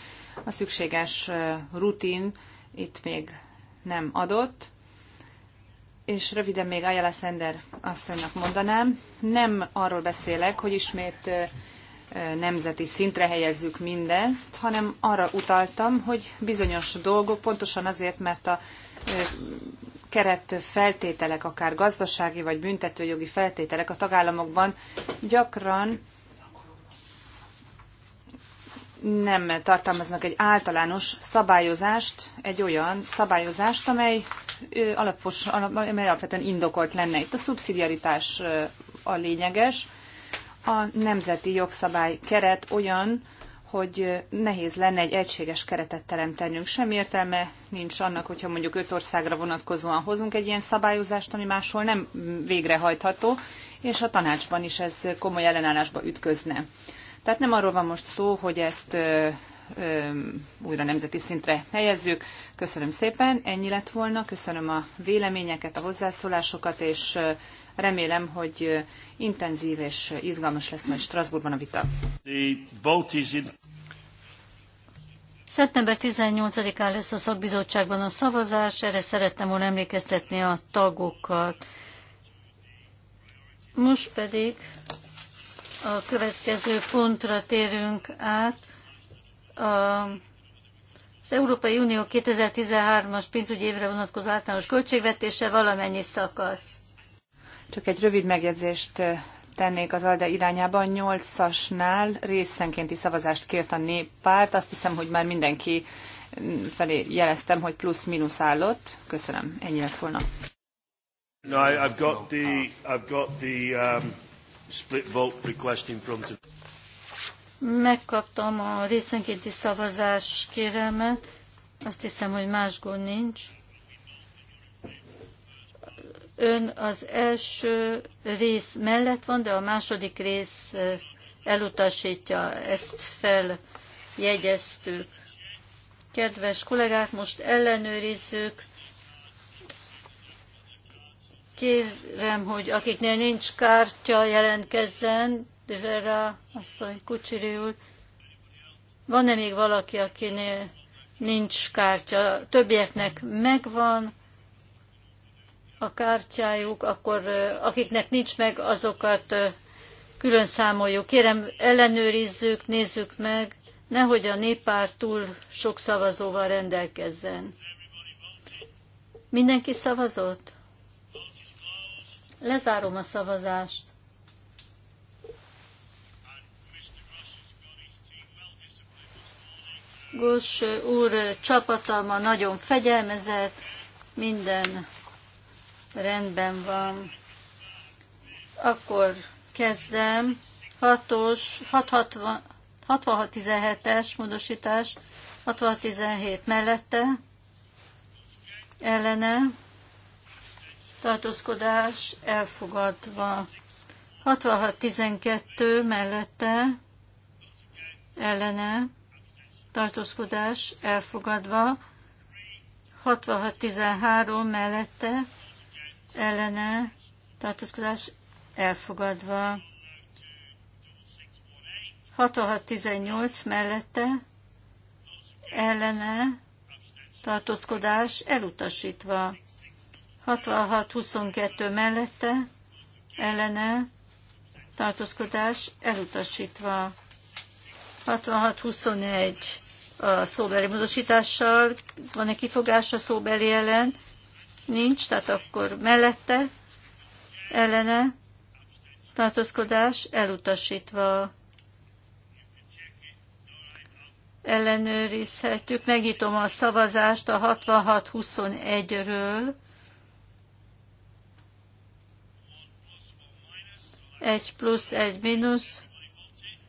A szükséges rutin itt még nem adott. És röviden még Ayala Sender asszonynak mondanám, nem arról beszélek, hogy ismét nemzeti szintre helyezzük mindezt, hanem arra utaltam, hogy bizonyos dolgok pontosan azért, mert a keret feltételek, akár gazdasági vagy büntetőjogi feltételek a tagállamokban gyakran nem tartalmaznak egy általános szabályozást, egy olyan szabályozást, amely alapos, amely alapvetően indokolt lenne. Itt a szubszidiaritás a lényeges, a nemzeti jogszabály keret olyan, hogy nehéz lenne egy egységes keretet teremtenünk. Sem értelme nincs annak, hogyha mondjuk öt országra vonatkozóan hozunk egy ilyen szabályozást, ami máshol nem végrehajtható, és a tanácsban is ez komoly ellenállásba ütközne. Tehát nem arról van most szó, hogy ezt ö, ö, újra nemzeti szintre helyezzük. Köszönöm szépen, ennyi lett volna. Köszönöm a véleményeket, a hozzászólásokat, és Remélem, hogy intenzív és izgalmas lesz majd Strasbourgban a vita. Szeptember 18-án lesz a szakbizottságban a szavazás, erre szerettem volna emlékeztetni a tagokat. Most pedig a következő pontra térünk át. A az Európai Unió 2013-as pénzügyi évre vonatkozó általános költségvetése valamennyi szakasz. Csak egy rövid megjegyzést tennék az ALDE irányában. Nyolcasnál részenkénti szavazást kért a néppárt. Azt hiszem, hogy már mindenki felé jeleztem, hogy plusz-minusz állott. Köszönöm, ennyi lett volna. No, I've got the, I've got the um, split vote request in front of Megkaptam a részenkénti szavazás kérelmet. Azt hiszem, hogy más gond nincs ön az első rész mellett van, de a második rész elutasítja. Ezt feljegyeztük. Kedves kollégák, most ellenőrizzük. Kérem, hogy akiknél nincs kártya, jelentkezzen. Devera, asszony, Kucsiri úr. Van-e még valaki, akinél nincs kártya? Többieknek megvan a kártyájuk, akkor akiknek nincs meg, azokat külön számoljuk. Kérem, ellenőrizzük, nézzük meg, nehogy a néppárt túl sok szavazóval rendelkezzen. Mindenki szavazott? Lezárom a szavazást. Gos úr csapata ma nagyon fegyelmezett, minden Rendben van. Akkor kezdem. 6-os, 6617-es módosítás, 6617 mellette, ellene, tartózkodás elfogadva. 6612 mellette, ellene, tartózkodás elfogadva. 6613 mellette, ellene tartózkodás elfogadva. 6618 mellette ellene tartózkodás elutasítva. 6622 mellette ellene tartózkodás elutasítva. 6621 a szóbeli módosítással van-e kifogás a szóbeli ellen? Nincs, tehát akkor mellette, ellene, tartózkodás elutasítva. Ellenőrizhetjük, megítom a szavazást a 66-21-ről. Egy plusz, egy mínusz.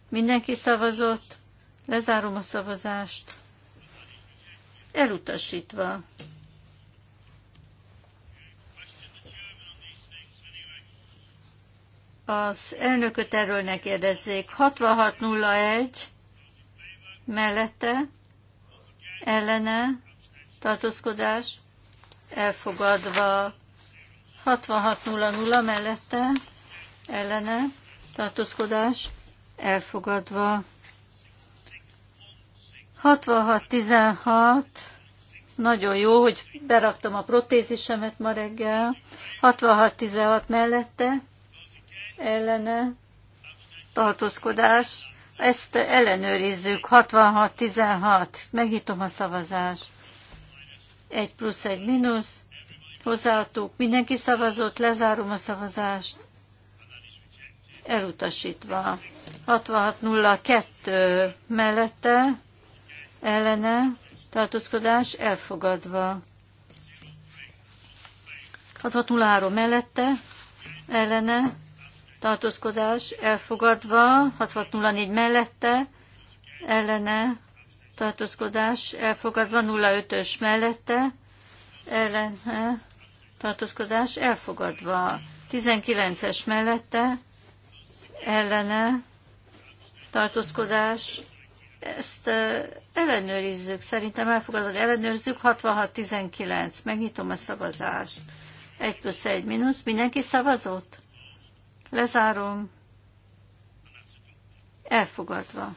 Mindenki szavazott. Lezárom a szavazást. Elutasítva. Az elnököt erről ne kérdezzék. 6601 mellette, ellene, tartózkodás, elfogadva. 6600 mellette, ellene, tartózkodás, elfogadva. 6616 nagyon jó, hogy beraktam a protézisemet ma reggel. 6616 mellette, ellene tartózkodás. Ezt ellenőrizzük. 66-16. Megnyitom a szavazást. Egy plusz, egy mínusz. Hozzáadtuk. Mindenki szavazott. Lezárom a szavazást. Elutasítva. 66-02 mellette ellene tartózkodás elfogadva. 6603 mellette ellene tartózkodás elfogadva, 6604 mellette, ellene tartózkodás elfogadva, 05-ös mellette, ellene tartózkodás elfogadva, 19-es mellette, ellene tartózkodás, ezt ellenőrizzük, szerintem elfogadod, ellenőrizzük, 66-19, megnyitom a szavazást. 1 plusz 1 mínusz, mindenki szavazott? Lezárom. Elfogadva.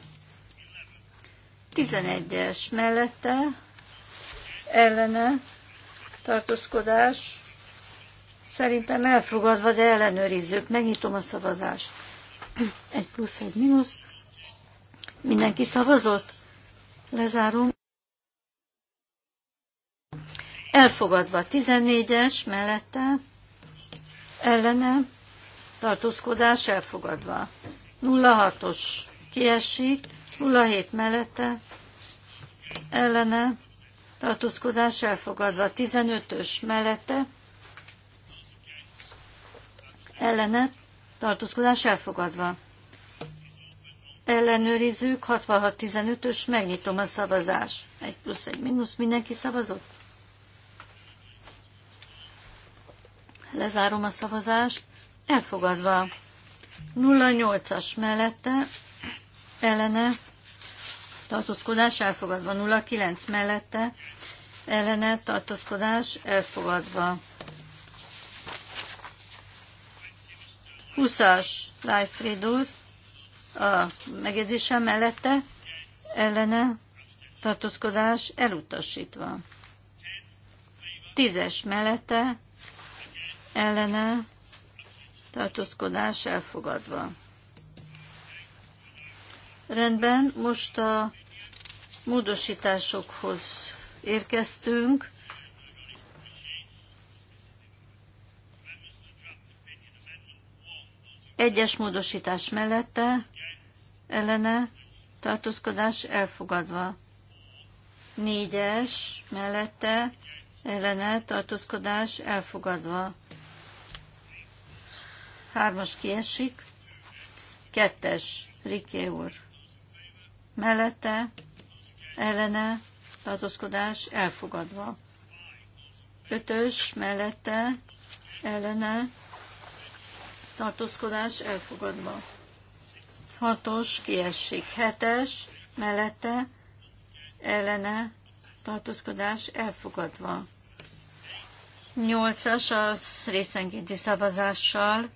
11-es mellette ellene tartózkodás. Szerintem elfogadva, de ellenőrizzük. Megnyitom a szavazást. Egy plusz, egy mínusz. Mindenki szavazott? Lezárom. Elfogadva 14-es mellette ellene tartózkodás elfogadva. 06-os kiesik, 07 mellette ellene tartózkodás elfogadva. 15-ös mellette ellene tartózkodás elfogadva. Ellenőrizzük, 66-15-ös, megnyitom a szavazás. 1 plusz, 1 mínusz, mindenki szavazott? Lezárom a szavazást elfogadva. 08-as mellette ellene tartózkodás elfogadva. 09 mellette ellene tartózkodás elfogadva. 20-as Leifried úr a megjegyzése mellette ellene tartózkodás elutasítva. 10-es mellette ellene tartózkodás elfogadva. Rendben, most a módosításokhoz érkeztünk. Egyes módosítás mellette, ellene, tartózkodás elfogadva. Négyes mellette, ellene, tartózkodás elfogadva. Hármas kiesik. Kettes. Riké úr. Mellette. Ellene. Tartózkodás elfogadva. Ötös. Mellette. Ellene. Tartózkodás elfogadva. Hatos. Kiesik. Hetes. Mellette. Ellene. Tartózkodás elfogadva. Nyolcas az részenkénti szavazással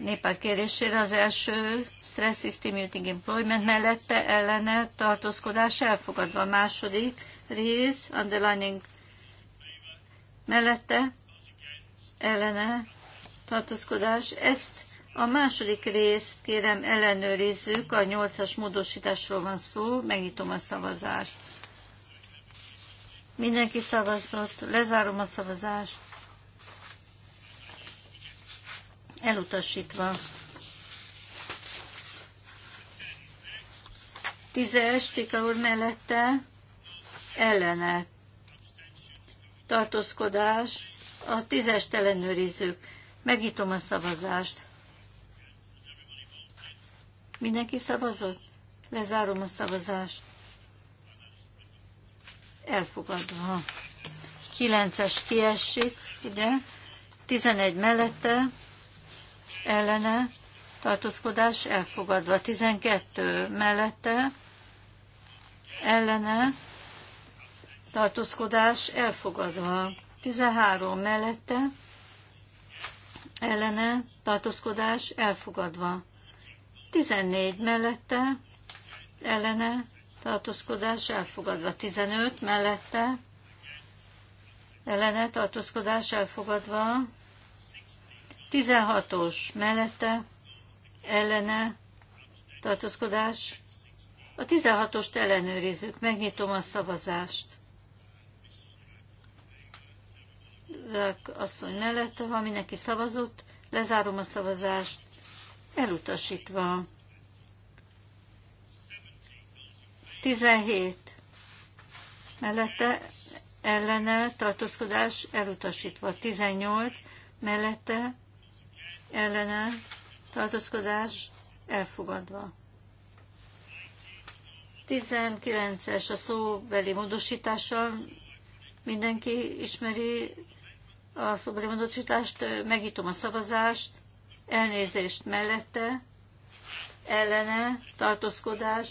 néppárt kérésére az első Stress Stimulating Employment mellette ellene tartózkodás elfogadva. A második rész Underlining mellette ellene tartózkodás. Ezt a második részt kérem ellenőrizzük, a nyolcas módosításról van szó, megnyitom a szavazást. Mindenki szavazott, lezárom a szavazást. elutasítva. Tízes, Tika úr mellette, ellene, tartózkodás, a tízest ellenőrizzük. Megnyitom a szavazást. Mindenki szavazott? Lezárom a szavazást. Elfogadva. 9-es kiesik, ugye? 11 mellette, ellene tartózkodás elfogadva. 12 mellette ellene tartózkodás elfogadva. 13 mellette ellene tartózkodás elfogadva. 14 mellette ellene tartózkodás elfogadva. 15 mellette ellene tartózkodás elfogadva. 16-os mellette ellene tartózkodás. A 16-ost ellenőrizzük, megnyitom a szavazást. Rák asszony mellette van, mindenki szavazott, lezárom a szavazást, elutasítva. 17. Mellette ellene tartózkodás elutasítva. 18. Mellette ellene tartózkodás elfogadva. 19-es a szóbeli módosítással mindenki ismeri a szóbeli módosítást, megítom a szavazást, elnézést mellette, ellene tartózkodás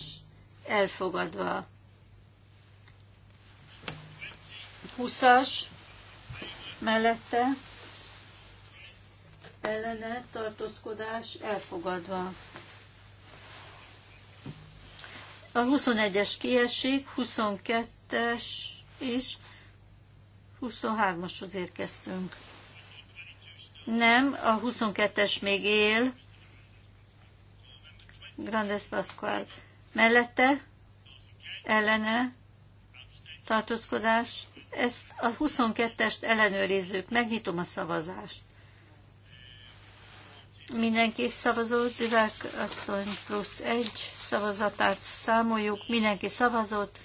elfogadva. 20-as mellette ellene tartózkodás elfogadva. A 21-es kiesik, 22-es is, 23-ashoz érkeztünk. Nem, a 22-es még él. Grandes Pascual. Mellette, ellene, tartózkodás. Ezt a 22-est ellenőrizzük. Megnyitom a szavazást. Mindenki szavazott, Divák asszony plusz egy szavazatát számoljuk. Mindenki szavazott.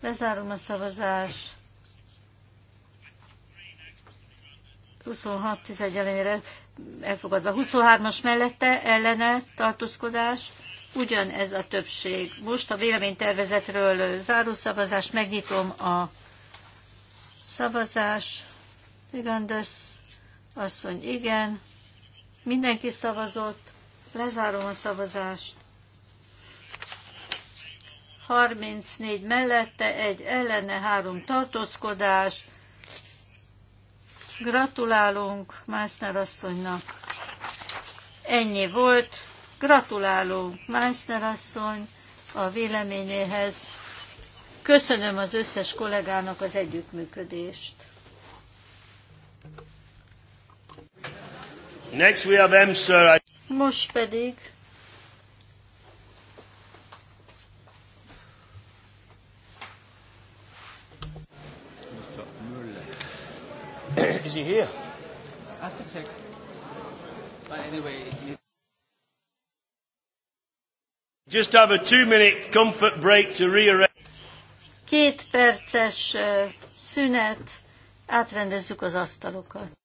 Lezárom a szavazás. 26-11 ellenére elfogadva. 23-as mellette ellene tartózkodás. Ugyanez a többség. Most a véleménytervezetről záró szavazást megnyitom a szavazás. de asszony igen. Mindenki szavazott. Lezárom a szavazást. 34 mellette, egy ellene, három tartózkodás. Gratulálunk Meissner asszonynak. Ennyi volt. Gratulálunk Meissner asszony a véleményéhez. Köszönöm az összes kollégának az együttműködést. Next we have M, sir. Most pedig Is he here? I have to check. But anyway, Just have a two-minute comfort break to rearrange. Két perces szünet, átrendezzük az asztalokat.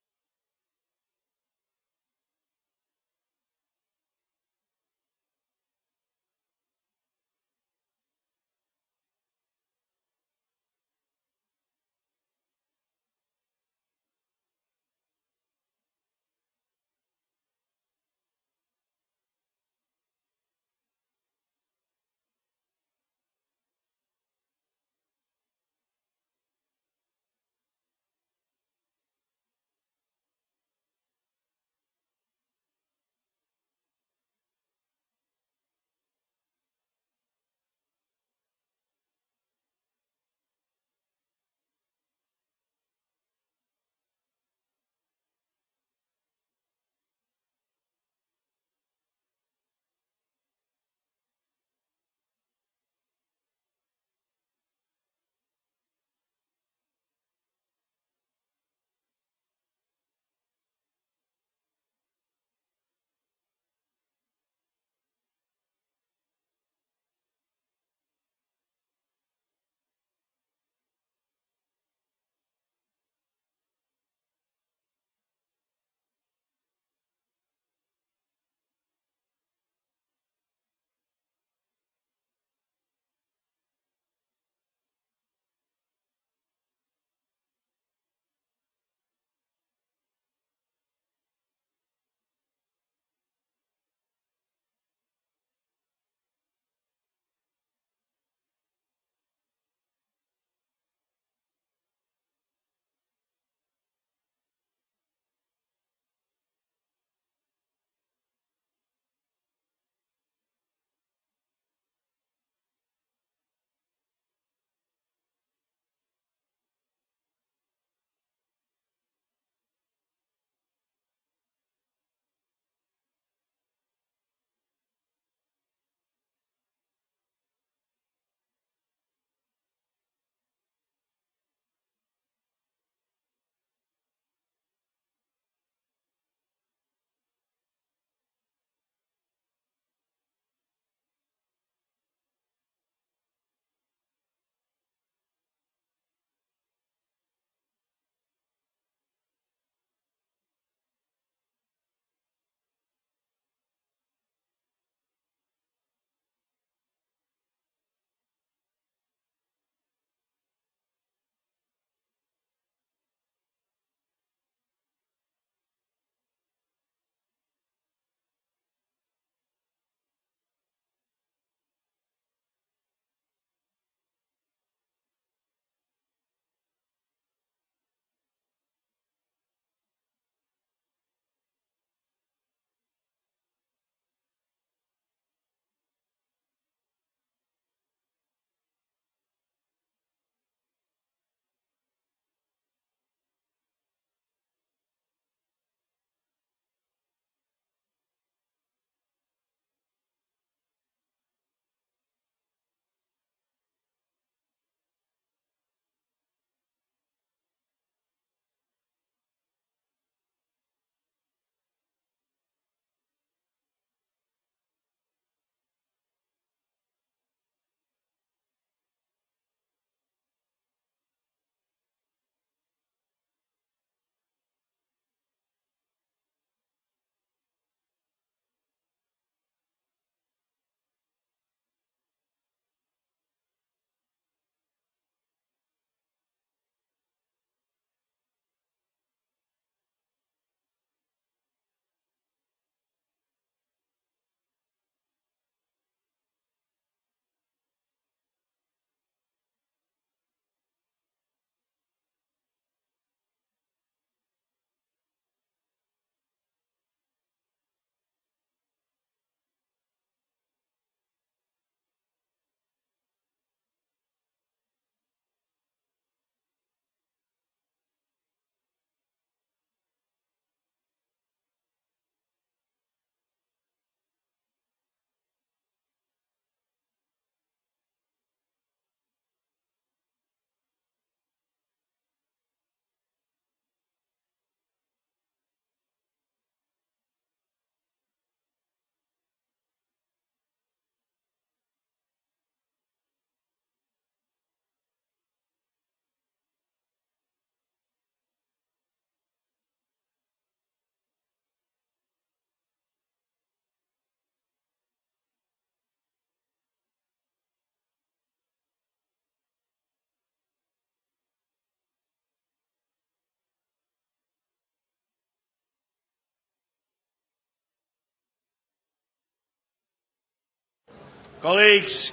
Colleagues,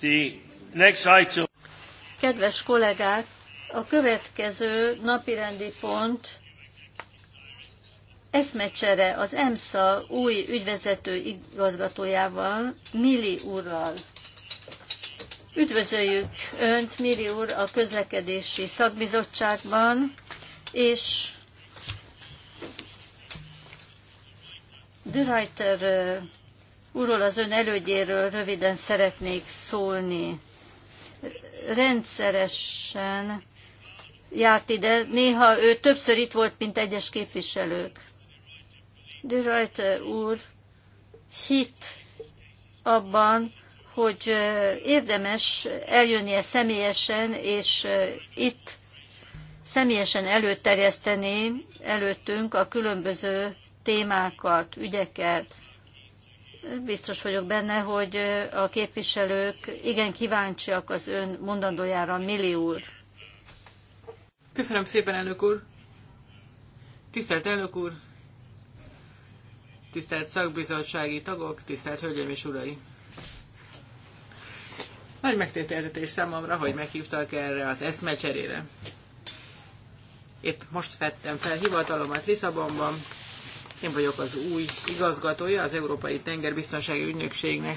the next item. Kedves kollégák, a következő napirendi pont eszmecsere az EMSZA új ügyvezető igazgatójával, Mili úrral. Üdvözöljük Önt, Mili úr, a közlekedési szakbizottságban, és Dürreiter úrról, az ön elődjéről röviden szeretnék szólni. Rendszeresen járt ide, néha ő többször itt volt, mint egyes képviselők. Dürreiter úr hit abban, hogy érdemes eljönnie személyesen, és itt személyesen előterjeszteni előttünk a különböző témákat, ügyeket. Biztos vagyok benne, hogy a képviselők igen kíváncsiak az ön mondandójára, Milli úr. Köszönöm szépen, elnök úr. Tisztelt elnök úr, tisztelt szakbizottsági tagok, tisztelt hölgyeim és uraim. Nagy megtételtetés számomra, hogy meghívtak erre az eszmecserére. Épp most vettem fel hivatalomat Lisszabonban, én vagyok az új igazgatója az Európai Tengerbiztonsági Ügynökségnek.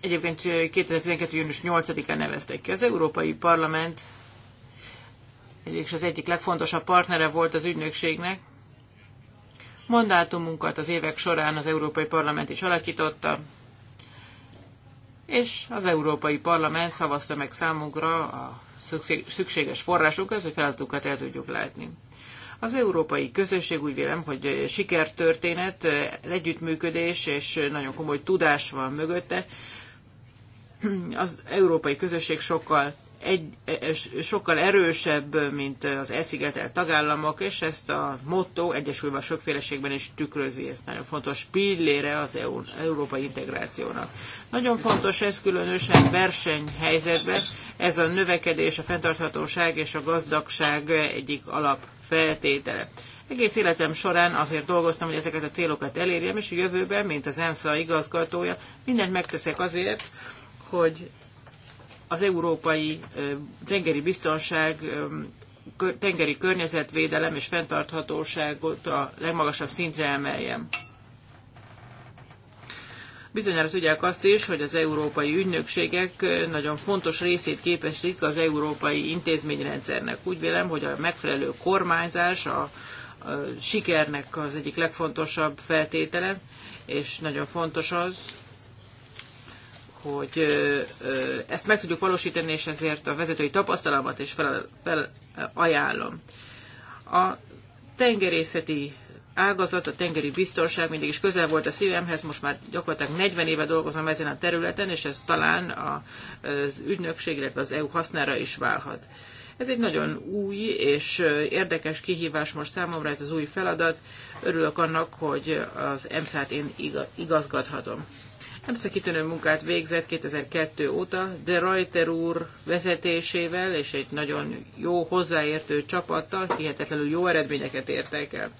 Egyébként 2012. június 8-án neveztek ki. Az Európai Parlament és az egyik legfontosabb partnere volt az ügynökségnek. Mandátumunkat az évek során az Európai Parlament is alakította, és az Európai Parlament szavazta meg számunkra a szükséges forrásokhoz, hogy feladatokat el tudjuk látni. Az európai közösség úgy vélem, hogy sikertörténet, együttműködés és nagyon komoly tudás van mögötte. Az európai közösség sokkal egy, e, sokkal erősebb, mint az elszigetelt tagállamok, és ezt a motto Egyesülve a sokféleségben is tükrözi, ez nagyon fontos pillére az EU, európai integrációnak. Nagyon fontos ez különösen versenyhelyzetben, ez a növekedés, a fenntarthatóság és a gazdagság egyik alapfeltétele. Egész életem során azért dolgoztam, hogy ezeket a célokat elérjem, és a jövőben, mint az EMSZA igazgatója, mindent megteszek azért, hogy az európai tengeri biztonság, tengeri környezetvédelem és fenntarthatóságot a legmagasabb szintre emeljem. Bizonyára tudják azt is, hogy az európai ügynökségek nagyon fontos részét képesik az európai intézményrendszernek. Úgy vélem, hogy a megfelelő kormányzás a, a sikernek az egyik legfontosabb feltétele, és nagyon fontos az, hogy ezt meg tudjuk valósítani, és ezért a vezetői tapasztalamat is fel, fel ajánlom. A tengerészeti ágazat, a tengeri biztonság mindig is közel volt a szívemhez, most már gyakorlatilag 40 éve dolgozom ezen a területen, és ez talán az ügynökség, illetve az EU hasznára is válhat. Ez egy nagyon új és érdekes kihívás most számomra, ez az új feladat. Örülök annak, hogy az EMSZ-t én igazgathatom. Hát Először kitűnő munkát végzett 2002 óta, de Reuter úr vezetésével és egy nagyon jó hozzáértő csapattal hihetetlenül jó eredményeket értek el.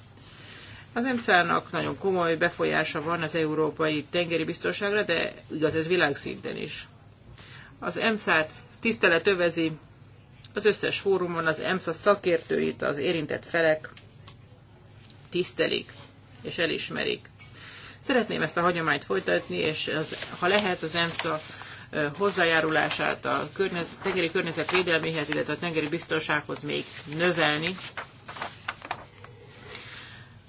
Az EMSZ-nak nagyon komoly befolyása van az európai tengeri biztonságra, de igaz ez világszinten is. Az EMSZ-t tisztelet övezi az összes fórumon, az EMSZ szakértőit, az érintett felek tisztelik és elismerik. Szeretném ezt a hagyományt folytatni, és az, ha lehet, az EMSZA hozzájárulását a környez, tengeri védelméhez, illetve a tengeri biztonsághoz még növelni,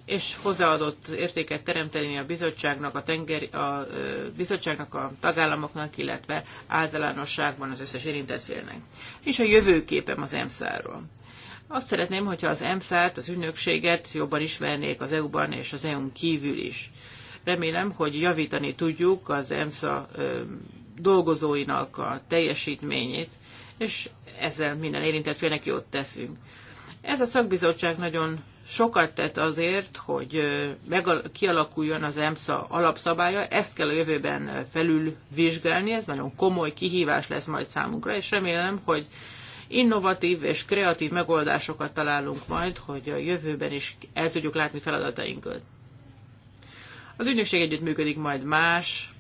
és hozzáadott értéket teremteni a bizottságnak, a, tengeri, a bizottságnak, a tagállamoknak, illetve általánosságban az összes érintett félnek. És a jövőképem az EMSZ-ról. Azt szeretném, hogyha az EMSZ-t, az ügynökséget jobban ismernék az EU-ban és az EU-n kívül is. Remélem, hogy javítani tudjuk az EMSZA dolgozóinak a teljesítményét, és ezzel minden érintett félnek jót teszünk. Ez a szakbizottság nagyon sokat tett azért, hogy kialakuljon az EMSZA alapszabálya, ezt kell a jövőben felül vizsgálni, ez nagyon komoly kihívás lesz majd számunkra, és remélem, hogy innovatív és kreatív megoldásokat találunk majd, hogy a jövőben is el tudjuk látni feladatainkat. Az ügynökség együttműködik majd más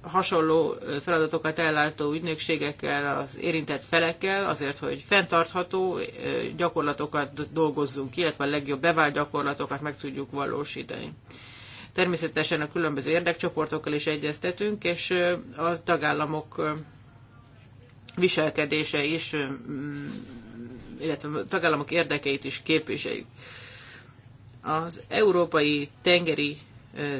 hasonló feladatokat ellátó ügynökségekkel, az érintett felekkel, azért, hogy fenntartható gyakorlatokat dolgozzunk ki, illetve a legjobb bevált gyakorlatokat meg tudjuk valósítani. Természetesen a különböző érdekcsoportokkal is egyeztetünk, és a tagállamok viselkedése is, illetve a tagállamok érdekeit is képviseljük az európai tengeri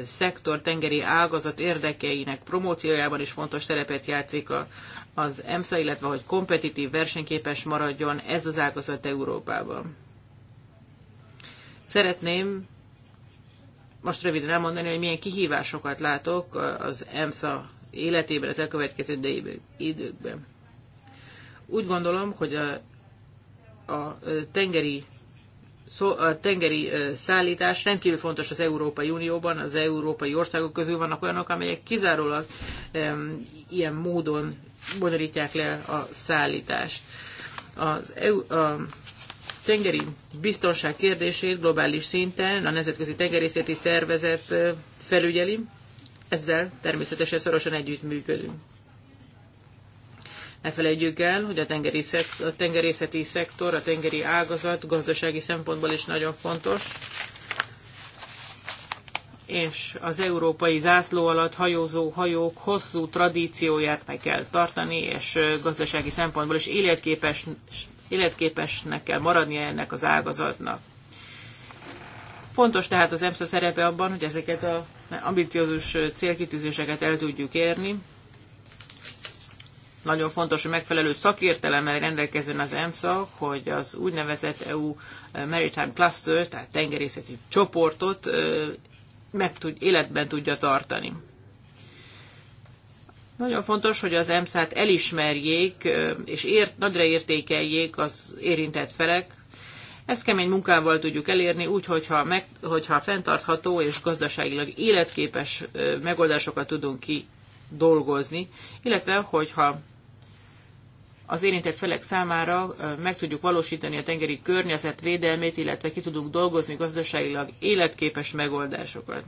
szektor, tengeri ágazat érdekeinek promóciójában is fontos szerepet játszik a, az EMSA, illetve hogy kompetitív, versenyképes maradjon ez az ágazat Európában. Szeretném most röviden elmondani, hogy milyen kihívásokat látok az EMSA életében az elkövetkező időkben. Úgy gondolom, hogy a, a tengeri szó, a tengeri szállítás rendkívül fontos az Európai Unióban, az európai országok közül vannak olyanok, amelyek kizárólag ilyen módon bonyolítják le a szállítást. Az EU, a tengeri biztonság kérdését globális szinten a Nemzetközi Tengerészeti Szervezet felügyeli, ezzel természetesen szorosan együttműködünk. Ne felejtjük el, hogy a, tengeri szektor, a tengerészeti szektor, a tengeri ágazat gazdasági szempontból is nagyon fontos, és az európai zászló alatt hajózó hajók hosszú tradícióját meg kell tartani, és gazdasági szempontból is életképes, életképesnek kell maradnia ennek az ágazatnak. Fontos tehát az EMSZA szerepe abban, hogy ezeket a ambiciózus célkitűzéseket el tudjuk érni, nagyon fontos, hogy megfelelő szakértelemmel rendelkezzen az EMSA, hogy az úgynevezett EU e, Maritime Cluster, tehát tengerészeti csoportot e, meg tud, életben tudja tartani. Nagyon fontos, hogy az EMSZ-t elismerjék e, és ért, nagyra értékeljék az érintett felek. Ezt kemény munkával tudjuk elérni, úgy, hogyha, meg, hogyha fenntartható és gazdaságilag életképes megoldásokat tudunk ki dolgozni, illetve hogyha az érintett felek számára meg tudjuk valósítani a tengeri környezet védelmét, illetve ki tudunk dolgozni gazdaságilag életképes megoldásokat.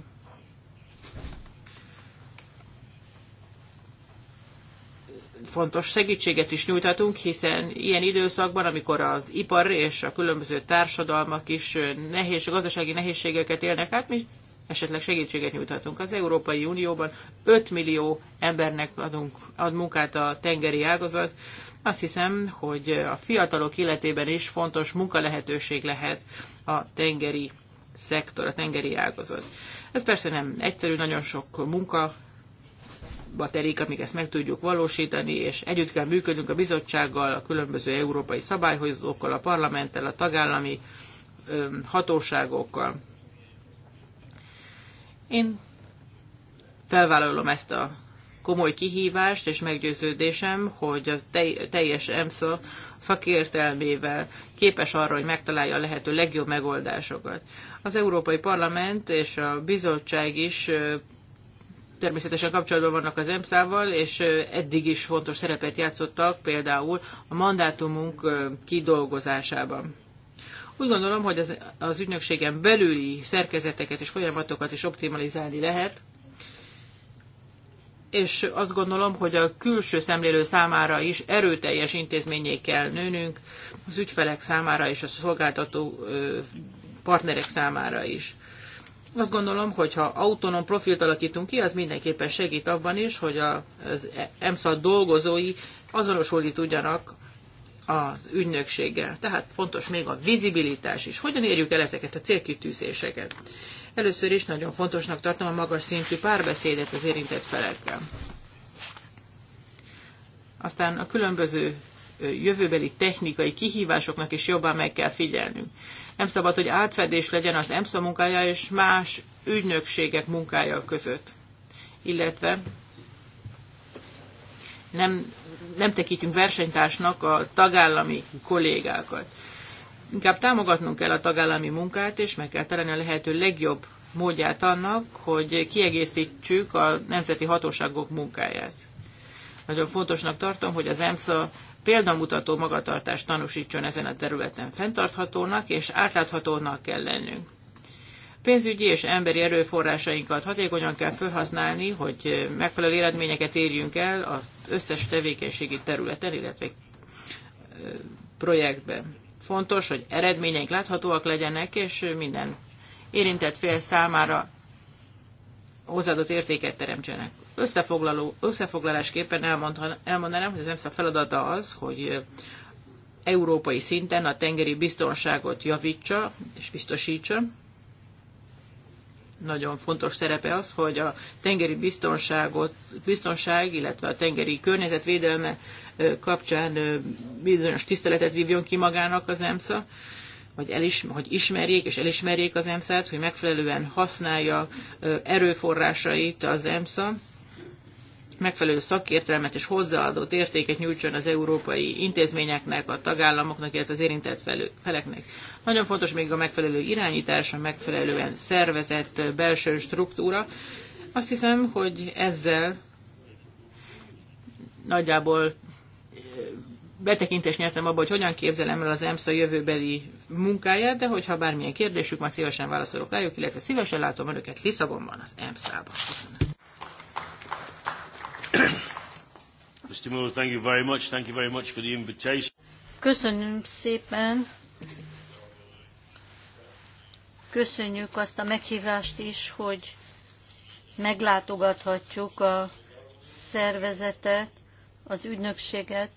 fontos segítséget is nyújthatunk, hiszen ilyen időszakban, amikor az ipar és a különböző társadalmak is nehéz, gazdasági nehézségeket élnek át, mi esetleg segítséget nyújthatunk. Az Európai Unióban 5 millió embernek adunk, ad munkát a tengeri ágazat, azt hiszem, hogy a fiatalok életében is fontos munkalehetőség lehet a tengeri szektor, a tengeri ágazat. Ez persze nem egyszerű, nagyon sok munka baterik, amíg ezt meg tudjuk valósítani, és együtt kell működnünk a bizottsággal, a különböző európai szabályhozókkal, a parlamenttel, a tagállami hatóságokkal. Én felvállalom ezt a komoly kihívást, és meggyőződésem, hogy a teljes EMSZA szakértelmével képes arra, hogy megtalálja a lehető legjobb megoldásokat. Az Európai Parlament és a bizottság is természetesen kapcsolatban vannak az EMSZ-val, és eddig is fontos szerepet játszottak például a mandátumunk kidolgozásában. Úgy gondolom, hogy az, az ügynökségen belüli szerkezeteket és folyamatokat is optimalizálni lehet, és azt gondolom, hogy a külső szemlélő számára is erőteljes intézményé kell nőnünk, az ügyfelek számára és a szolgáltató partnerek számára is. Azt gondolom, hogy ha autonóm profilt alakítunk ki, az mindenképpen segít abban is, hogy az EMSZA dolgozói azonosulni tudjanak az ügynökséggel. Tehát fontos még a vizibilitás is. Hogyan érjük el ezeket a célkitűzéseket? Először is nagyon fontosnak tartom a magas szintű párbeszédet az érintett felekkel. Aztán a különböző jövőbeli technikai kihívásoknak is jobban meg kell figyelnünk. Nem szabad, hogy átfedés legyen az EMSZA munkája és más ügynökségek munkája között. Illetve nem, nem tekintünk versenytársnak a tagállami kollégákat. Inkább támogatnunk kell a tagállami munkát, és meg kell találni a lehető legjobb módját annak, hogy kiegészítsük a nemzeti hatóságok munkáját. Nagyon fontosnak tartom, hogy az EMSZA példamutató magatartást tanúsítson ezen a területen fenntarthatónak és átláthatónak kell lennünk. Pénzügyi és emberi erőforrásainkat hatékonyan kell felhasználni, hogy megfelelő eredményeket érjünk el az összes tevékenységi területen, illetve projektben. Fontos, hogy eredményeink láthatóak legyenek, és minden érintett fél számára hozzáadott értéket teremtsenek. Összefoglaló, összefoglalásképpen elmondanám, hogy az EMSZA feladata az, hogy európai szinten a tengeri biztonságot javítsa és biztosítsa nagyon fontos szerepe az, hogy a tengeri biztonságot, biztonság, illetve a tengeri környezetvédelme kapcsán bizonyos tiszteletet vívjon ki magának az EMSZA, vagy elis, hogy ismerjék és elismerjék az EMSZ-t, hogy megfelelően használja erőforrásait az EMSZA, megfelelő szakértelmet és hozzáadott értéket nyújtson az európai intézményeknek, a tagállamoknak, illetve az érintett feleknek. Nagyon fontos még a megfelelő irányítás, a megfelelően szervezett belső struktúra. Azt hiszem, hogy ezzel nagyjából betekintést nyertem abba, hogy hogyan képzelem el az EMSZA jövőbeli munkáját, de hogyha bármilyen kérdésük van, szívesen válaszolok rájuk, illetve szívesen látom önöket Lisszabonban, az EMSZ-ában. Köszönöm. Köszönöm szépen Köszönjük azt a meghívást is, hogy meglátogathatjuk a szervezetet, az ügynökséget,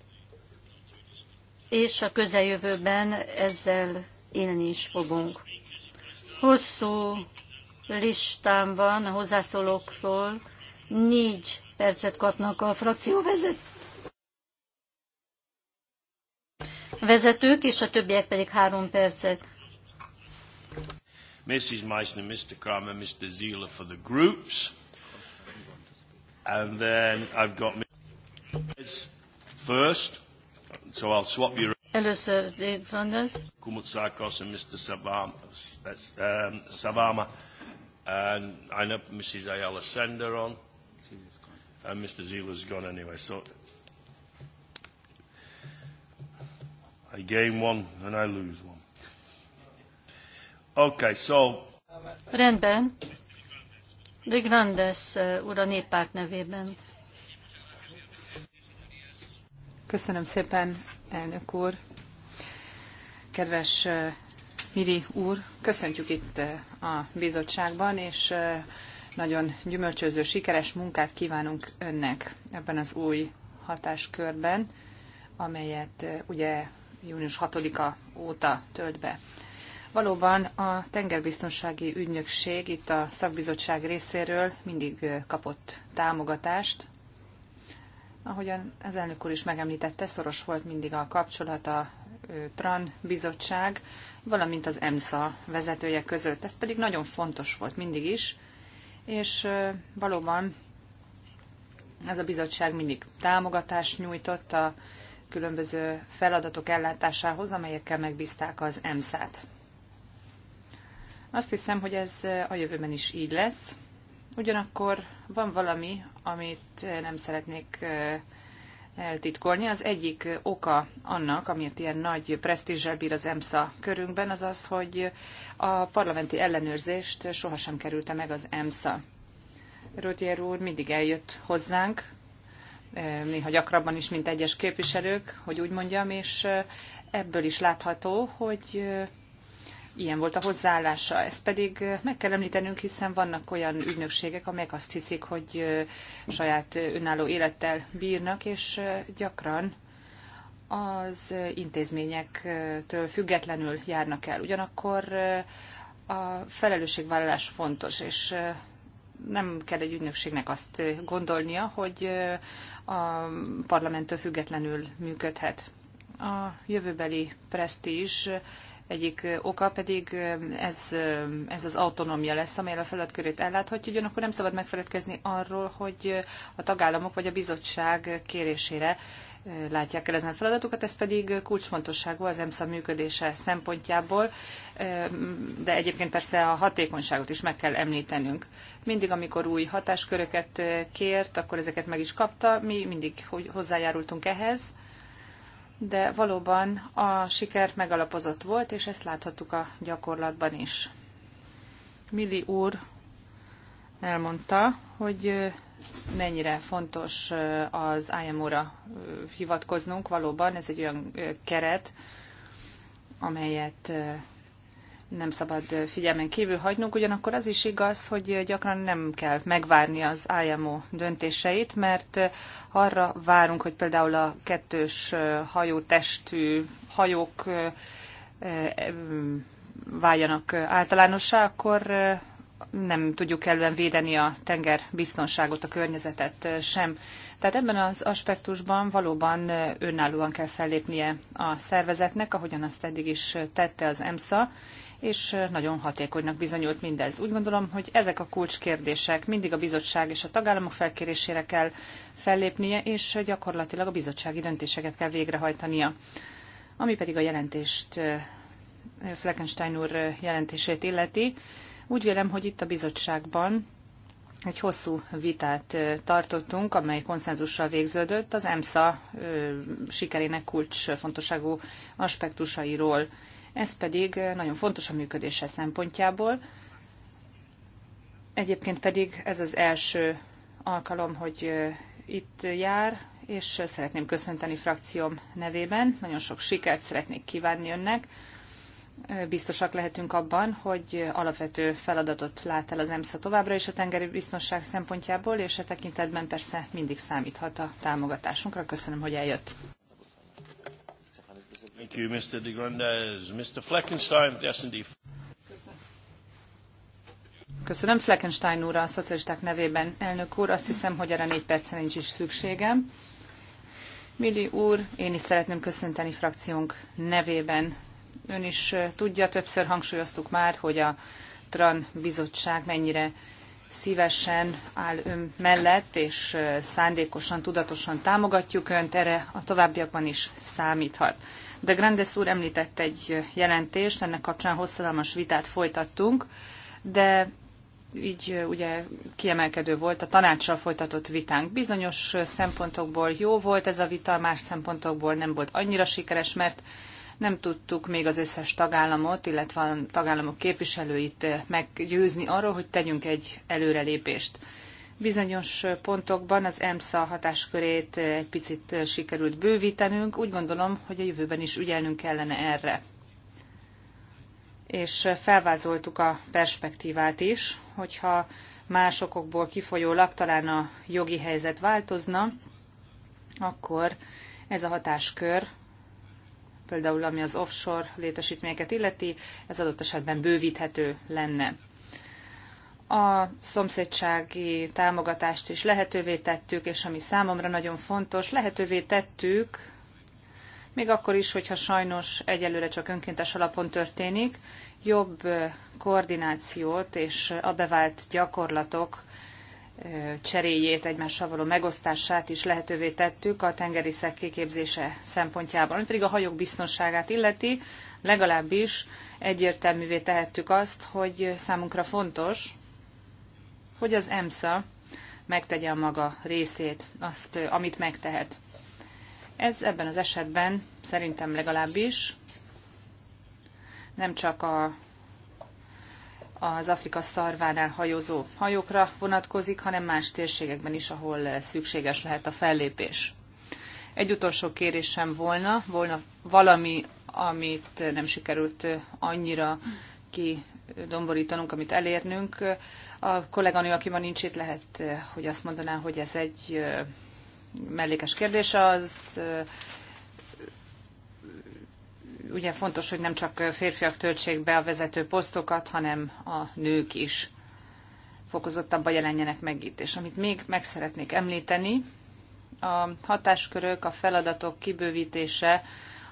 és a közeljövőben ezzel élni is fogunk. Hosszú listám van a hozzászólókról, négy percet kapnak a frakcióvezetők, vezetők, és a többiek pedig három percet. Mrs. Meissner, Mr. Kramer, Mr. Zieler for the groups. And then I've got Mrs. first, so I'll swap you. Hello, sir, Flanders. Kumutsakos and Mr. Savama, um, Savama. And I know Mrs. Ayala Sender on. And Mr. Zieler's gone anyway. So I gain one and I lose one. Okay, so... Rendben. De Grandes uh, úr a néppárt nevében. Köszönöm szépen, elnök úr. Kedves uh, Miri úr, köszöntjük itt uh, a bizottságban, és nagyon gyümölcsöző, sikeres munkát kívánunk önnek ebben az új hatáskörben, amelyet ugye június 6-a óta tölt be. Valóban a tengerbiztonsági ügynökség itt a szakbizottság részéről mindig kapott támogatást. Ahogyan az elnök úr is megemlítette, szoros volt mindig a kapcsolat a TRAN bizottság, valamint az EMSA vezetője között. Ez pedig nagyon fontos volt mindig is, és valóban ez a bizottság mindig támogatást nyújtott a különböző feladatok ellátásához, amelyekkel megbízták az EMSZ-t. Azt hiszem, hogy ez a jövőben is így lesz. Ugyanakkor van valami, amit nem szeretnék eltitkolni. Az egyik oka annak, amiért ilyen nagy presztízsel bír az EMSA körünkben, az az, hogy a parlamenti ellenőrzést sohasem kerülte meg az EMSA. Rodier úr mindig eljött hozzánk, néha gyakrabban is, mint egyes képviselők, hogy úgy mondjam, és ebből is látható, hogy ilyen volt a hozzáállása. Ezt pedig meg kell említenünk, hiszen vannak olyan ügynökségek, amelyek azt hiszik, hogy saját önálló élettel bírnak, és gyakran az intézményektől függetlenül járnak el. Ugyanakkor a felelősségvállalás fontos, és nem kell egy ügynökségnek azt gondolnia, hogy a parlamenttől függetlenül működhet. A jövőbeli presztízs egyik oka pedig ez, ez az autonómia lesz, amelyel a feladatkörét elláthatja, ugyanakkor nem szabad megfeledkezni arról, hogy a tagállamok vagy a bizottság kérésére látják el ezen a feladatokat, ez pedig kulcsfontosságú az EMSZA működése szempontjából, de egyébként persze a hatékonyságot is meg kell említenünk. Mindig, amikor új hatásköröket kért, akkor ezeket meg is kapta, mi mindig hozzájárultunk ehhez, de valóban a siker megalapozott volt, és ezt láthattuk a gyakorlatban is. Milli úr elmondta, hogy mennyire fontos az IMO-ra hivatkoznunk. Valóban ez egy olyan keret, amelyet nem szabad figyelmen kívül hagynunk, ugyanakkor az is igaz, hogy gyakran nem kell megvárni az IMO döntéseit, mert arra várunk, hogy például a kettős hajótestű hajók váljanak általánossá, akkor nem tudjuk elően védeni a tenger biztonságot, a környezetet sem. Tehát ebben az aspektusban valóban önállóan kell fellépnie a szervezetnek, ahogyan azt eddig is tette az EMSA, és nagyon hatékonynak bizonyult mindez. Úgy gondolom, hogy ezek a kulcskérdések mindig a bizottság és a tagállamok felkérésére kell fellépnie, és gyakorlatilag a bizottsági döntéseket kell végrehajtania. Ami pedig a jelentést, Fleckenstein úr jelentését illeti, úgy vélem, hogy itt a bizottságban egy hosszú vitát tartottunk, amely konszenzussal végződött az EMSA sikerének kulcsfontosságú aspektusairól. Ez pedig nagyon fontos a működése szempontjából. Egyébként pedig ez az első alkalom, hogy itt jár, és szeretném köszönteni frakcióm nevében. Nagyon sok sikert szeretnék kívánni önnek. Biztosak lehetünk abban, hogy alapvető feladatot lát el az EMSZA továbbra is a tengeri biztonság szempontjából, és a e tekintetben persze mindig számíthat a támogatásunkra. Köszönöm, hogy eljött you, Mr. de Grandes. Mr. Fleckenstein, the S&D. Köszönöm. Fleckenstein úr a szocialisták nevében. Elnök úr, azt hiszem, hogy erre négy percre nincs is szükségem. Mili úr, én is szeretném köszönteni frakciónk nevében. Ön is tudja, többször hangsúlyoztuk már, hogy a TRAN bizottság mennyire szívesen áll ön mellett, és szándékosan, tudatosan támogatjuk önt, erre a továbbiakban is számíthat. De Grandes úr említett egy jelentést, ennek kapcsán hosszadalmas vitát folytattunk, de így ugye kiemelkedő volt a tanácssal folytatott vitánk. Bizonyos szempontokból jó volt ez a vita, más szempontokból nem volt annyira sikeres, mert nem tudtuk még az összes tagállamot, illetve a tagállamok képviselőit meggyőzni arról, hogy tegyünk egy előrelépést. Bizonyos pontokban az EMSZA hatáskörét egy picit sikerült bővítenünk. Úgy gondolom, hogy a jövőben is ügyelnünk kellene erre. És felvázoltuk a perspektívát is, hogyha más okokból kifolyólag talán a jogi helyzet változna, akkor ez a hatáskör, például ami az offshore létesítményeket illeti, ez adott esetben bővíthető lenne a szomszédsági támogatást is lehetővé tettük, és ami számomra nagyon fontos, lehetővé tettük, még akkor is, hogyha sajnos egyelőre csak önkéntes alapon történik, jobb koordinációt és a bevált gyakorlatok cseréjét, egymással való megosztását is lehetővé tettük a tengerészek kiképzése szempontjában. Ami pedig a hajók biztonságát illeti, legalábbis egyértelművé tehettük azt, hogy számunkra fontos, hogy az EMSA megtegye a maga részét, azt, amit megtehet. Ez ebben az esetben szerintem legalábbis nem csak a, az Afrika szarvánál hajózó hajókra vonatkozik, hanem más térségekben is, ahol szükséges lehet a fellépés. Egy utolsó kérésem volna, volna valami, amit nem sikerült annyira kidomborítanunk, amit elérnünk. A kolléganő, aki ma nincs itt, lehet, eh, hogy azt mondaná, hogy ez egy eh, mellékes kérdés, az eh, ugye fontos, hogy nem csak férfiak töltsék be a vezető posztokat, hanem a nők is fokozottabban jelenjenek meg itt. És amit még meg szeretnék említeni, a hatáskörök, a feladatok kibővítése,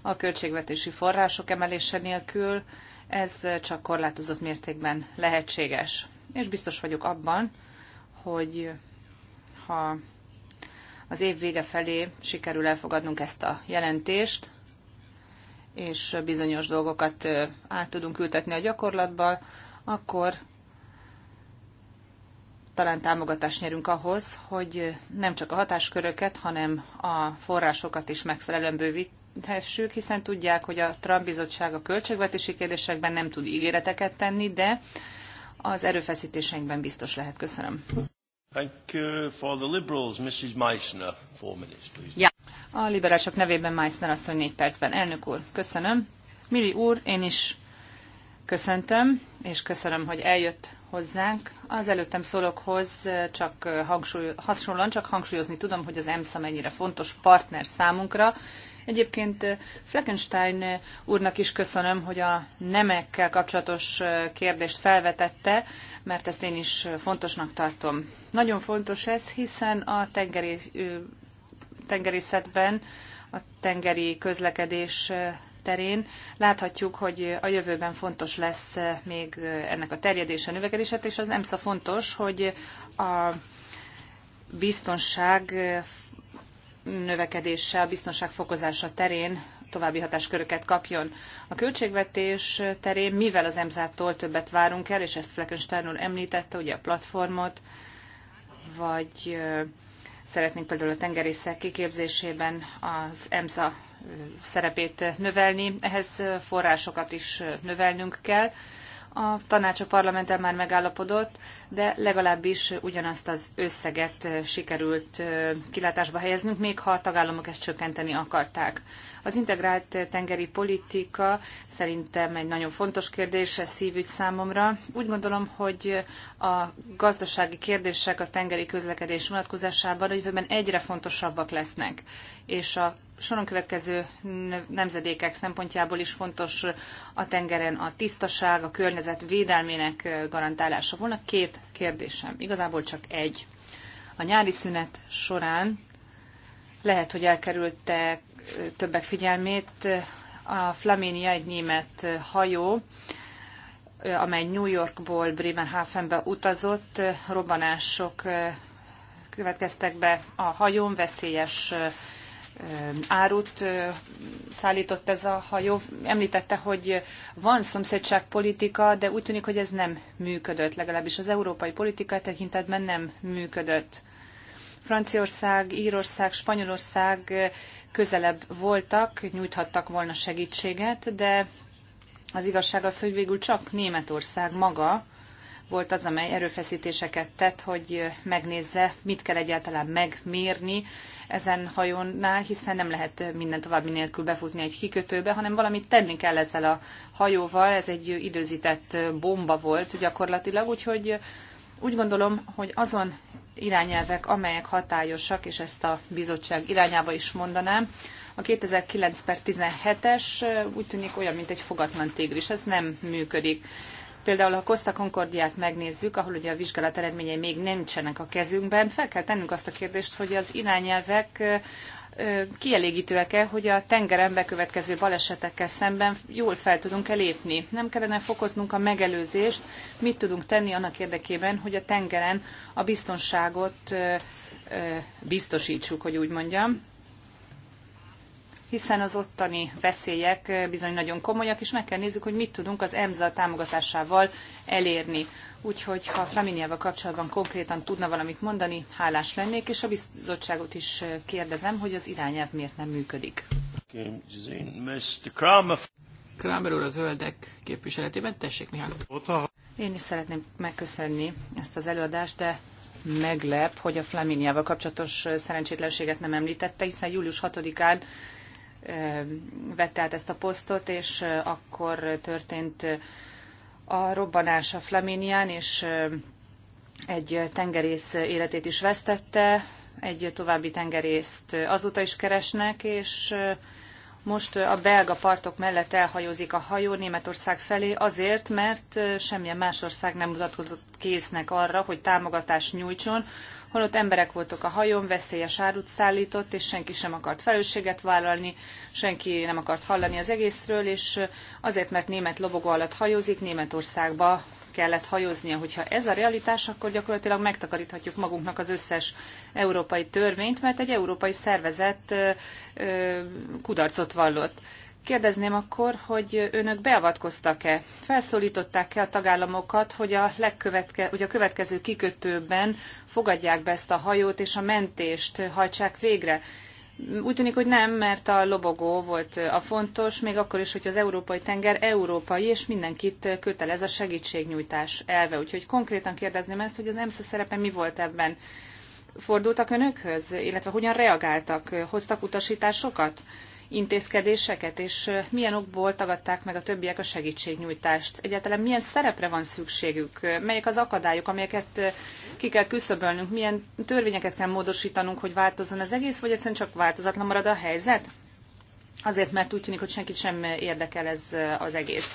a költségvetési források emelése nélkül, ez csak korlátozott mértékben lehetséges és biztos vagyok abban, hogy ha az év vége felé sikerül elfogadnunk ezt a jelentést, és bizonyos dolgokat át tudunk ültetni a gyakorlatba, akkor talán támogatást nyerünk ahhoz, hogy nem csak a hatásköröket, hanem a forrásokat is megfelelően bővíthessük, hiszen tudják, hogy a Trump bizottság a költségvetési kérdésekben nem tud ígéreteket tenni, de az erőfeszítéseinkben biztos lehet. Köszönöm. Thank you for the liberals, Mrs. Meissner. Four minutes, please. Yeah. A liberálisok nevében Meissner asszony négy percben. Elnök úr, köszönöm. Mili úr, én is köszöntöm, és köszönöm, hogy eljött hozzánk. Az előttem szólokhoz csak hangsúly, hasonlóan csak hangsúlyozni tudom, hogy az EMSZA mennyire fontos partner számunkra, Egyébként Fleckenstein úrnak is köszönöm, hogy a nemekkel kapcsolatos kérdést felvetette, mert ezt én is fontosnak tartom. Nagyon fontos ez, hiszen a tengeri, tengerészetben, a tengeri közlekedés terén. Láthatjuk, hogy a jövőben fontos lesz még ennek a terjedése, növekedése, és az EMSZA fontos, hogy a biztonság növekedése, a biztonság fokozása terén további hatásköröket kapjon. A költségvetés terén, mivel az EMSZ-tól többet várunk el, és ezt Fleckenstein úr említette, ugye a platformot, vagy szeretnénk például a tengerészek kiképzésében az EMSA szerepét növelni, ehhez forrásokat is növelnünk kell, a tanács a parlamenten már megállapodott, de legalábbis ugyanazt az összeget sikerült kilátásba helyeznünk, még ha a tagállamok ezt csökkenteni akarták. Az integrált tengeri politika szerintem egy nagyon fontos kérdés, ez szívügy számomra. Úgy gondolom, hogy a gazdasági kérdések a tengeri közlekedés vonatkozásában a jövőben egyre fontosabbak lesznek, és a soron következő nemzedékek szempontjából is fontos a tengeren a tisztaság, a környezet védelmének garantálása. Volna két kérdésem, igazából csak egy. A nyári szünet során lehet, hogy elkerülte többek figyelmét a Flaminia egy német hajó, amely New Yorkból Bremerhavenbe utazott, robbanások következtek be a hajón, veszélyes árut szállított ez a hajó. Említette, hogy van szomszédságpolitika, de úgy tűnik, hogy ez nem működött, legalábbis az európai politika tekintetben nem működött. Franciaország, Írország, Spanyolország közelebb voltak, nyújthattak volna segítséget, de az igazság az, hogy végül csak Németország maga volt az, amely erőfeszítéseket tett, hogy megnézze, mit kell egyáltalán megmérni ezen hajónál, hiszen nem lehet minden további nélkül befutni egy kikötőbe, hanem valamit tenni kell ezzel a hajóval. Ez egy időzített bomba volt gyakorlatilag, úgyhogy úgy gondolom, hogy azon irányelvek, amelyek hatályosak, és ezt a bizottság irányába is mondanám, a 2009 per 17-es úgy tűnik olyan, mint egy fogatlan tigris, ez nem működik. Például, ha Costa Concordiát megnézzük, ahol ugye a vizsgálat eredményei még nincsenek a kezünkben, fel kell tennünk azt a kérdést, hogy az irányelvek kielégítőek-e, hogy a tengeren bekövetkező balesetekkel szemben jól fel tudunk-e lépni. Nem kellene fokoznunk a megelőzést, mit tudunk tenni annak érdekében, hogy a tengeren a biztonságot biztosítsuk, hogy úgy mondjam hiszen az ottani veszélyek bizony nagyon komolyak, és meg kell nézzük, hogy mit tudunk az EMSA támogatásával elérni. Úgyhogy ha Flaminiával kapcsolatban konkrétan tudna valamit mondani, hálás lennék, és a bizottságot is kérdezem, hogy az irányelv miért nem működik. Kramer úr a zöldek képviseletében, tessék Mihály. Én is szeretném megköszönni ezt az előadást, de meglep, hogy a Flaminiával kapcsolatos szerencsétlenséget nem említette, hiszen július 6-án vette át ezt a posztot, és akkor történt a robbanás a Flaminián, és egy tengerész életét is vesztette, egy további tengerészt azóta is keresnek, és most a belga partok mellett elhajózik a hajó Németország felé azért, mert semmilyen más ország nem mutatkozott késznek arra, hogy támogatást nyújtson holott emberek voltak a hajón, veszélyes árut szállított, és senki sem akart felelősséget vállalni, senki nem akart hallani az egészről, és azért, mert német lobogó alatt hajózik, Németországba kellett hajóznia. Hogyha ez a realitás, akkor gyakorlatilag megtakaríthatjuk magunknak az összes európai törvényt, mert egy európai szervezet kudarcot vallott. Kérdezném akkor, hogy önök beavatkoztak-e? Felszólították-e a tagállamokat, hogy a, legkövetke, hogy a következő kikötőben fogadják be ezt a hajót, és a mentést hajtsák végre? Úgy tűnik, hogy nem, mert a lobogó volt a fontos, még akkor is, hogy az európai tenger európai, és mindenkit kötelez a segítségnyújtás elve. Úgyhogy konkrétan kérdezném ezt, hogy az EMSZ szerepe mi volt ebben? Fordultak önökhöz, illetve hogyan reagáltak? Hoztak utasításokat? intézkedéseket, és milyen okból tagadták meg a többiek a segítségnyújtást? Egyáltalán milyen szerepre van szükségük? Melyek az akadályok, amelyeket ki kell küszöbölnünk? Milyen törvényeket kell módosítanunk, hogy változzon az egész, vagy egyszerűen csak változatlan marad a helyzet? Azért, mert úgy tűnik, hogy senkit sem érdekel ez az egész.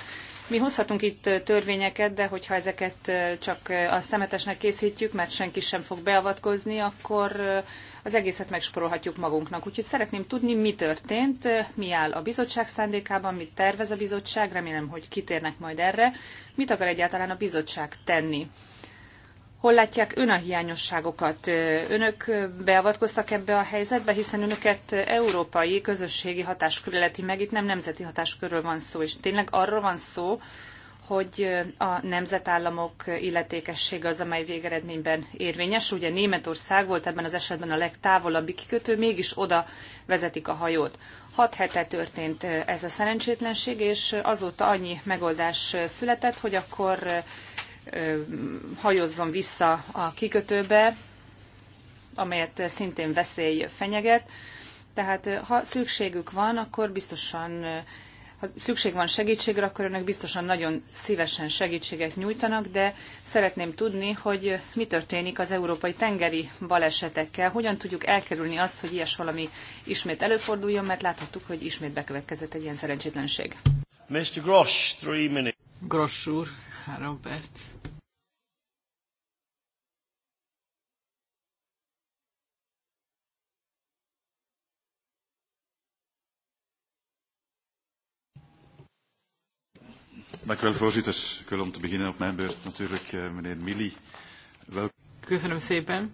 Mi hozhatunk itt törvényeket, de hogyha ezeket csak a szemetesnek készítjük, mert senki sem fog beavatkozni, akkor az egészet megsporolhatjuk magunknak. Úgyhogy szeretném tudni, mi történt, mi áll a bizottság szándékában, mit tervez a bizottság, remélem, hogy kitérnek majd erre, mit akar egyáltalán a bizottság tenni. Hol látják ön a hiányosságokat? Önök beavatkoztak ebbe a helyzetbe, hiszen önöket európai közösségi hatáskörületi meg, itt nem nemzeti hatáskörről van szó, és tényleg arról van szó, hogy a nemzetállamok illetékessége az, amely végeredményben érvényes. Ugye Németország volt ebben az esetben a legtávolabbi kikötő, mégis oda vezetik a hajót. Hat hete történt ez a szerencsétlenség, és azóta annyi megoldás született, hogy akkor hajózzon vissza a kikötőbe, amelyet szintén veszély fenyeget. Tehát ha szükségük van, akkor biztosan ha szükség van segítségre, akkor önök biztosan nagyon szívesen segítséget nyújtanak, de szeretném tudni, hogy mi történik az európai tengeri balesetekkel, hogyan tudjuk elkerülni azt, hogy ilyes valami ismét előforduljon, mert láthattuk, hogy ismét bekövetkezett egy ilyen szerencsétlenség. Mr. Grosch, three minutes. Grosch úr, három perc. Dank u wel, voorzitter. Ik wil om te beginnen op mijn beurt natuurlijk uh, meneer Mili. Köszönöm szépen.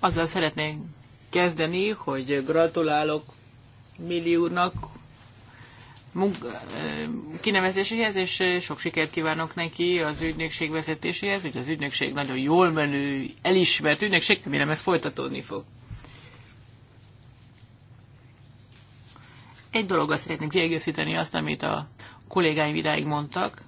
Azzal szeretnék kezdeni, hogy gratulálok Mili úrnak eh, kinevezéséhez, és eh, sok sikert kívánok neki az ügynökség vezetéséhez, hogy az ügynökség nagyon jól menő, elismert ügynökség, remélem ez folytatódni fog. Egy dologgal szeretném kiegészíteni azt, amit a kollégáim idáig mondtak.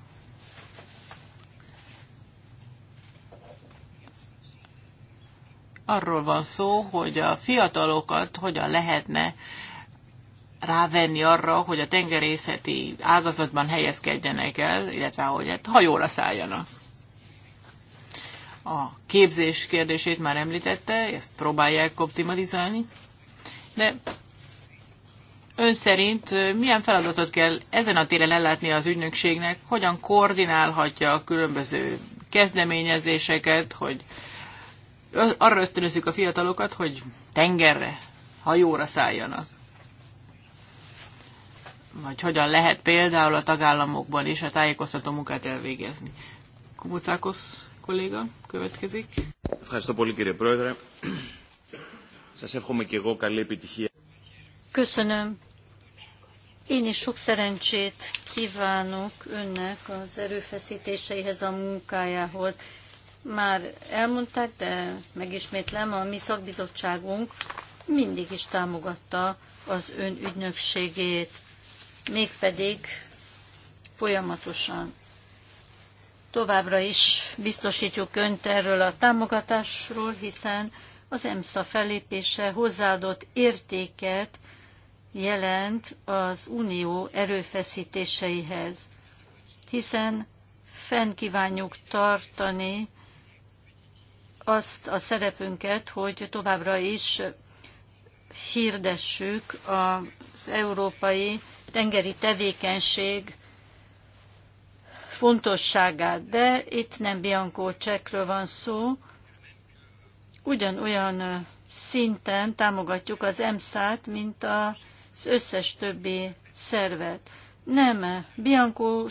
Arról van szó, hogy a fiatalokat hogyan lehetne rávenni arra, hogy a tengerészeti ágazatban helyezkedjenek el, illetve hogy hát hajóra szálljanak. A képzés kérdését már említette, ezt próbálják optimalizálni, de Ön szerint milyen feladatot kell ezen a téren ellátni az ügynökségnek, hogyan koordinálhatja a különböző kezdeményezéseket, hogy arra ösztönözzük a fiatalokat, hogy tengerre, hajóra szálljanak? Vagy hogyan lehet például a tagállamokban is a tájékoztató munkát elvégezni? Kubucákos kolléga következik. Köszönöm, én is sok szerencsét kívánok önnek az erőfeszítéseihez, a munkájához. Már elmondták, de megismétlem, a mi szakbizottságunk mindig is támogatta az ön ügynökségét, mégpedig folyamatosan. Továbbra is biztosítjuk önt erről a támogatásról, hiszen az EMSZA felépése hozzáadott értéket jelent az unió erőfeszítéseihez, hiszen fenn kívánjuk tartani azt a szerepünket, hogy továbbra is hirdessük az európai tengeri tevékenység fontosságát, de itt nem Bianco csekről van szó, ugyanolyan szinten támogatjuk az emsz át mint a az összes többi szervet. Nem Bianco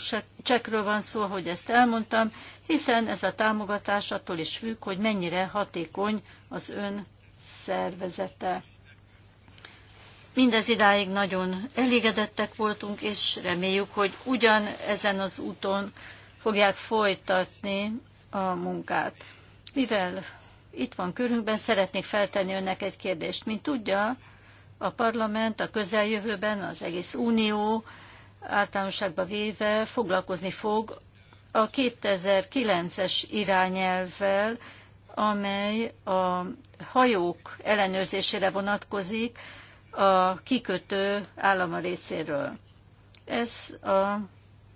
csekről van szó, hogy ezt elmondtam, hiszen ez a támogatás attól is függ, hogy mennyire hatékony az ön szervezete. Mindez idáig nagyon elégedettek voltunk, és reméljük, hogy ugyan ezen az úton fogják folytatni a munkát. Mivel itt van körünkben, szeretnék feltenni önnek egy kérdést. Mint tudja, a parlament a közeljövőben, az egész unió általánosságban véve foglalkozni fog a 2009-es irányelvvel, amely a hajók ellenőrzésére vonatkozik a kikötő állama részéről. Ez a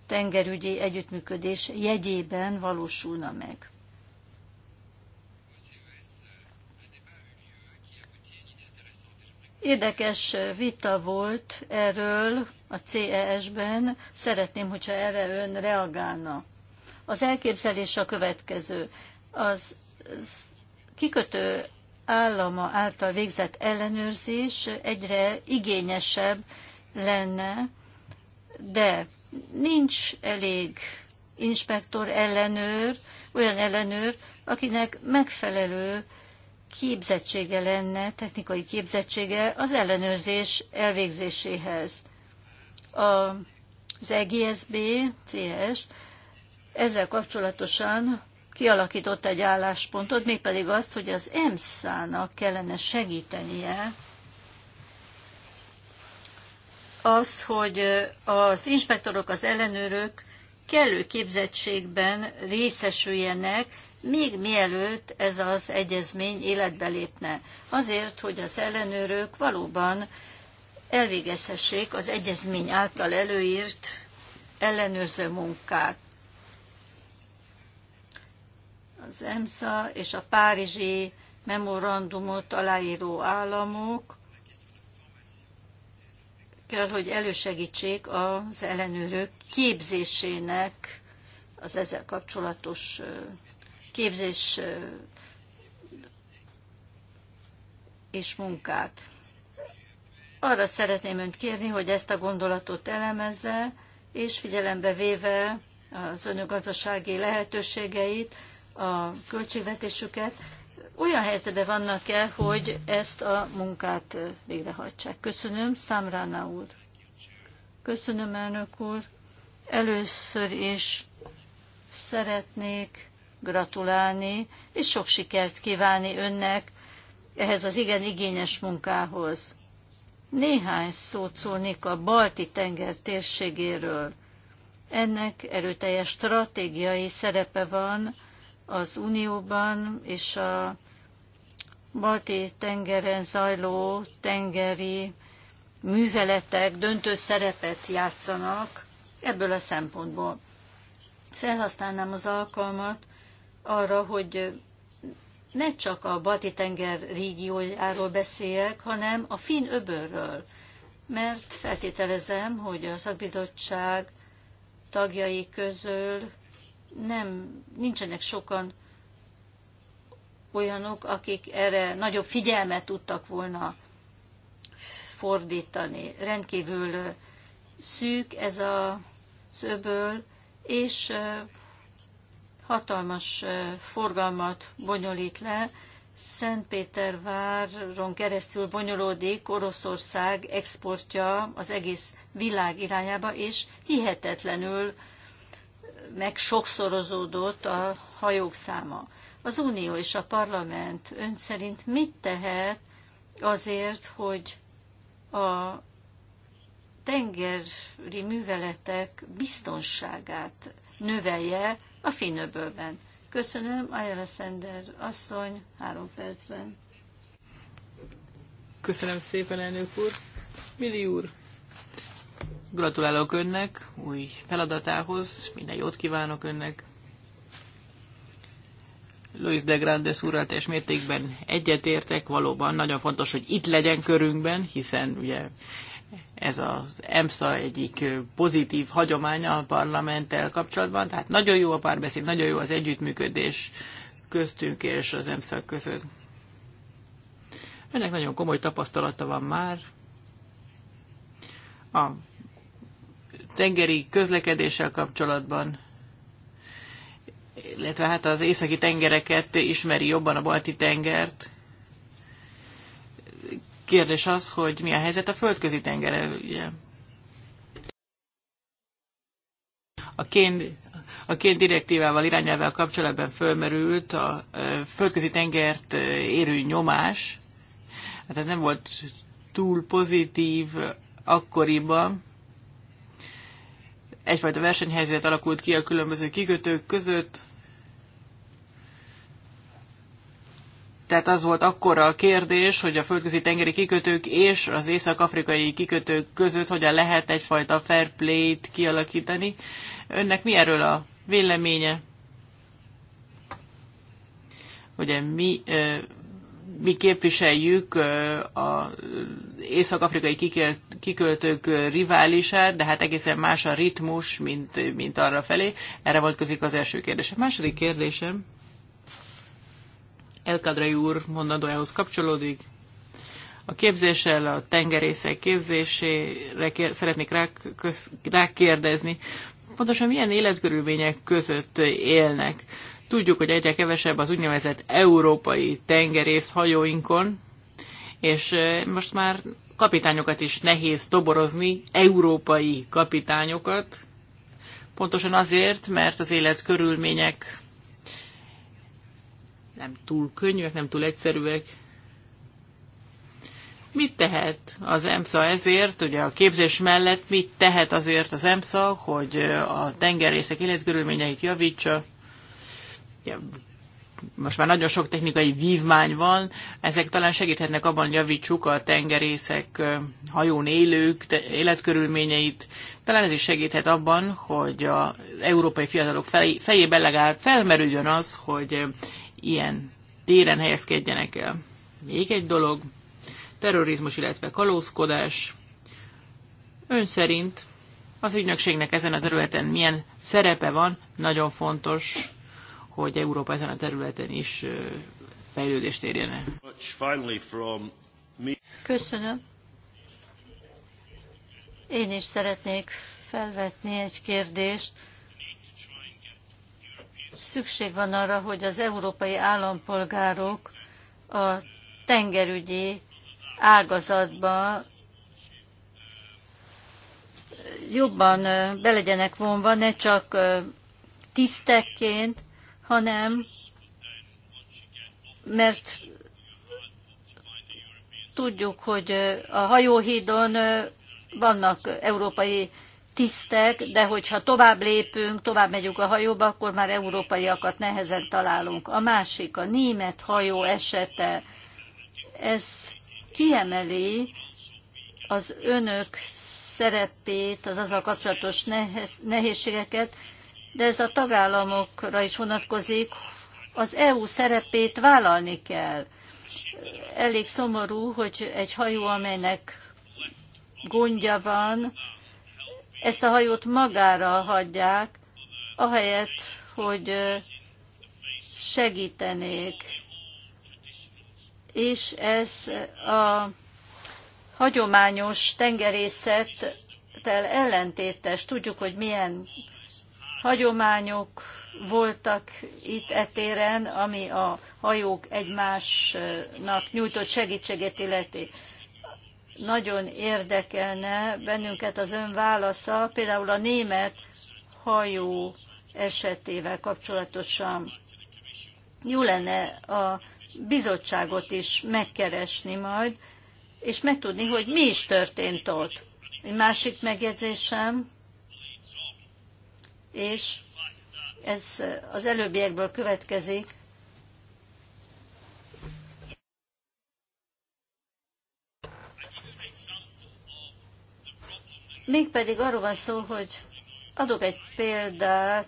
tengerügyi együttműködés jegyében valósulna meg. Érdekes vita volt erről a CES-ben, szeretném, hogyha erre ön reagálna. Az elképzelés a következő. Az kikötő állama által végzett ellenőrzés egyre igényesebb lenne, de nincs elég inspektor ellenőr, olyan ellenőr, akinek megfelelő képzettsége lenne, technikai képzettsége az ellenőrzés elvégzéséhez. A, az EGSB, CS ezzel kapcsolatosan kialakított egy álláspontot, mégpedig azt, hogy az EMSZ-nak kellene segítenie az, hogy az inspektorok, az ellenőrök kellő képzettségben részesüljenek, még mielőtt ez az egyezmény életbe lépne, azért, hogy az ellenőrök valóban elvégezhessék az egyezmény által előírt ellenőrző munkát. Az EMSA és a Párizsi memorandumot aláíró államok kell, hogy elősegítsék az ellenőrök képzésének az ezzel kapcsolatos képzés és munkát. Arra szeretném önt kérni, hogy ezt a gondolatot elemezze, és figyelembe véve az önök gazdasági lehetőségeit, a költségvetésüket, olyan helyzetben vannak-e, hogy ezt a munkát végrehajtsák. Köszönöm, Számrána úr. Köszönöm, elnök úr. Először is szeretnék gratulálni, és sok sikert kívánni önnek ehhez az igen igényes munkához. Néhány szót szólnék a Balti-tenger térségéről. Ennek erőteljes stratégiai szerepe van az Unióban és a Balti tengeren zajló tengeri műveletek döntő szerepet játszanak ebből a szempontból. Felhasználnám az alkalmat, arra, hogy ne csak a Balti-tenger régiójáról beszéljek, hanem a finn öbörről, mert feltételezem, hogy a szakbizottság tagjai közül nem, nincsenek sokan olyanok, akik erre nagyobb figyelmet tudtak volna fordítani. Rendkívül szűk ez a szöböl, és hatalmas forgalmat bonyolít le. Szentpéterváron keresztül bonyolódik Oroszország exportja az egész világ irányába, és hihetetlenül meg sokszorozódott a hajók száma. Az Unió és a parlament ön szerint mit tehet azért, hogy a tengeri műveletek biztonságát növelje a Finnöbölben. Köszönöm, Ayala Szender asszony, három percben. Köszönöm szépen, elnök úr. Mili úr, gratulálok önnek új feladatához, minden jót kívánok önnek. Luis de Grandes úrral teljes mértékben egyetértek, valóban nagyon fontos, hogy itt legyen körünkben, hiszen ugye ez az EMSZA egyik pozitív hagyománya a parlamenttel kapcsolatban, tehát nagyon jó a párbeszéd, nagyon jó az együttműködés köztünk és az EMSZA között. Ennek nagyon komoly tapasztalata van már. A tengeri közlekedéssel kapcsolatban, illetve hát az északi tengereket ismeri jobban a balti tengert, kérdés az, hogy mi a helyzet a földközi tengerrel, ugye? A kén, a kén direktívával, irányával kapcsolatban fölmerült a földközi tengert érő nyomás, hát ez nem volt túl pozitív akkoriban. Egyfajta versenyhelyzet alakult ki a különböző kikötők között, tehát az volt akkor a kérdés, hogy a földközi tengeri kikötők és az észak-afrikai kikötők között hogyan lehet egyfajta fair play-t kialakítani. Önnek mi erről a véleménye? Ugye mi, mi képviseljük az észak-afrikai kikötők riválisát, de hát egészen más a ritmus, mint, mint arra felé. Erre vonatkozik az első A Második kérdésem Elkadrai úr mondandójához kapcsolódik. A képzéssel, a tengerészek képzésére kér, szeretnék rákérdezni, rá pontosan milyen életkörülmények között élnek. Tudjuk, hogy egyre kevesebb az úgynevezett európai tengerész hajóinkon, és eh, most már kapitányokat is nehéz toborozni, európai kapitányokat, pontosan azért, mert az életkörülmények nem túl könnyűek, nem túl egyszerűek. Mit tehet az EMSZA ezért, ugye a képzés mellett mit tehet azért az EMSZA, hogy a tengerészek életkörülményeit javítsa? Most már nagyon sok technikai vívmány van, ezek talán segíthetnek abban, hogy javítsuk a tengerészek, hajón élők életkörülményeit. Talán ez is segíthet abban, hogy az európai fiatalok fejében legalább felmerüljön az, hogy ilyen téren helyezkedjenek el. Még egy dolog, terrorizmus, illetve kalózkodás. Ön szerint az ügynökségnek ezen a területen milyen szerepe van, nagyon fontos, hogy Európa ezen a területen is fejlődést érjen el. Köszönöm. Én is szeretnék felvetni egy kérdést szükség van arra, hogy az európai állampolgárok a tengerügyi ágazatba jobban belegyenek vonva, ne csak tisztekként, hanem mert tudjuk, hogy a hajóhídon vannak európai tisztek, de hogyha tovább lépünk, tovább megyünk a hajóba, akkor már európaiakat nehezen találunk. A másik, a német hajó esete, ez kiemeli az önök szerepét, az azzal kapcsolatos nehézségeket, de ez a tagállamokra is vonatkozik, az EU szerepét vállalni kell. Elég szomorú, hogy egy hajó, amelynek gondja van, ezt a hajót magára hagyják, ahelyett, hogy segítenék. És ez a hagyományos tengerészettel ellentétes. Tudjuk, hogy milyen hagyományok voltak itt etéren, ami a hajók egymásnak nyújtott segítséget illeti nagyon érdekelne bennünket az ön válasza, például a német hajó esetével kapcsolatosan. Jó lenne a bizottságot is megkeresni majd, és megtudni, hogy mi is történt ott. Egy másik megjegyzésem, és ez az előbbiekből következik, Mégpedig arról van szó, hogy adok egy példát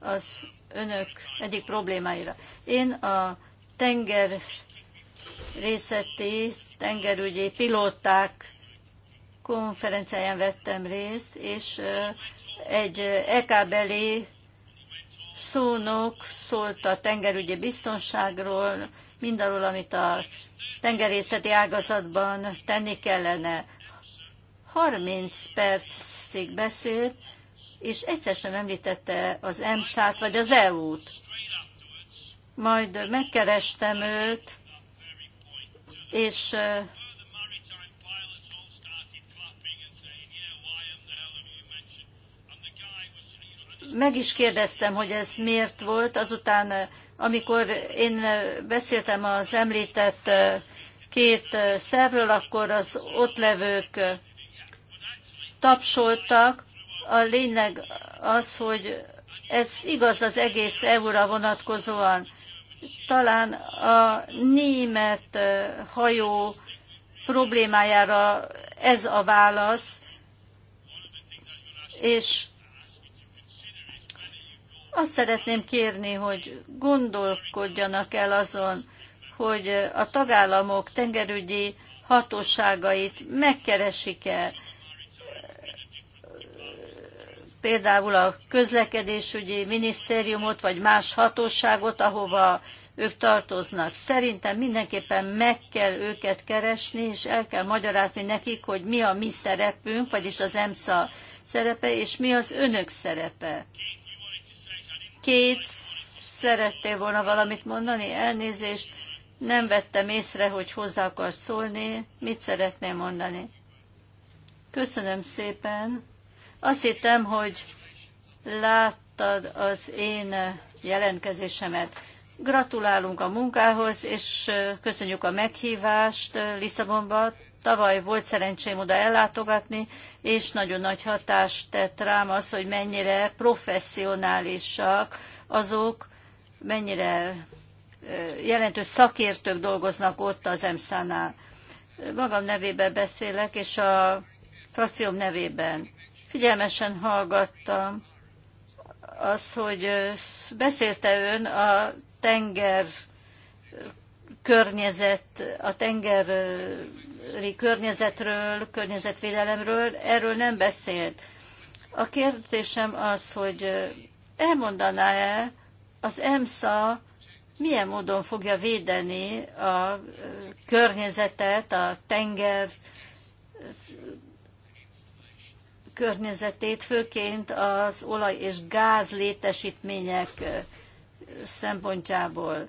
az önök egyik problémáira. Én a tenger részeti, tengerügyi pilóták konferenciáján vettem részt, és egy EK-beli szónok szólt a tengerügyi biztonságról, mindarról, amit a tengerészeti ágazatban tenni kellene. 30 percig beszélt, és egyszer sem említette az EMSZ-t vagy az EU-t. Majd megkerestem őt, és meg is kérdeztem, hogy ez miért volt. Azután, amikor én beszéltem az említett két szervről, akkor az ott levők tapsoltak. A lényeg az, hogy ez igaz az egész EU-ra vonatkozóan. Talán a német hajó problémájára ez a válasz, és azt szeretném kérni, hogy gondolkodjanak el azon, hogy a tagállamok tengerügyi hatóságait megkeresik-e, például a közlekedésügyi minisztériumot, vagy más hatóságot, ahova ők tartoznak. Szerintem mindenképpen meg kell őket keresni, és el kell magyarázni nekik, hogy mi a mi szerepünk, vagyis az EMSZA szerepe, és mi az önök szerepe. Két szerettél volna valamit mondani, elnézést, nem vettem észre, hogy hozzá akarsz szólni, mit szeretném mondani. Köszönöm szépen. Azt hittem, hogy láttad az én jelentkezésemet. Gratulálunk a munkához, és köszönjük a meghívást Lisszabonba. Tavaly volt szerencsém oda ellátogatni, és nagyon nagy hatást tett rám az, hogy mennyire professzionálisak azok, mennyire jelentős szakértők dolgoznak ott az EMSZ-nál. Magam nevében beszélek, és a frakcióm nevében. Figyelmesen hallgattam az, hogy beszélte ön a tenger környezet, a tengeri környezetről, környezetvédelemről, erről nem beszélt. A kérdésem az, hogy elmondaná-e az EMSA milyen módon fogja védeni a környezetet, a tenger környezetét, főként az olaj és gáz létesítmények szempontjából.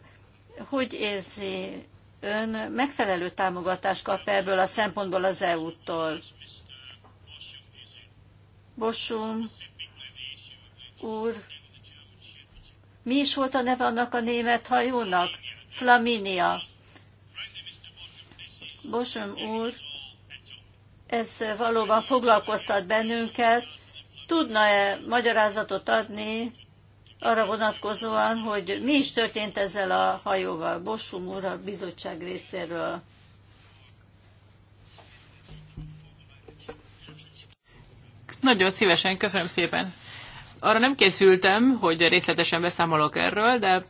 Hogy érzi ön, megfelelő támogatást kap ebből a szempontból az EU-tól? Bosum úr, mi is volt a neve annak a német hajónak? Flaminia. Bosum úr, ez valóban foglalkoztat bennünket. Tudna-e magyarázatot adni arra vonatkozóan, hogy mi is történt ezzel a hajóval? Bossum úr a bizottság részéről. Nagyon szívesen, köszönöm szépen. Arra nem készültem, hogy részletesen beszámolok erről, de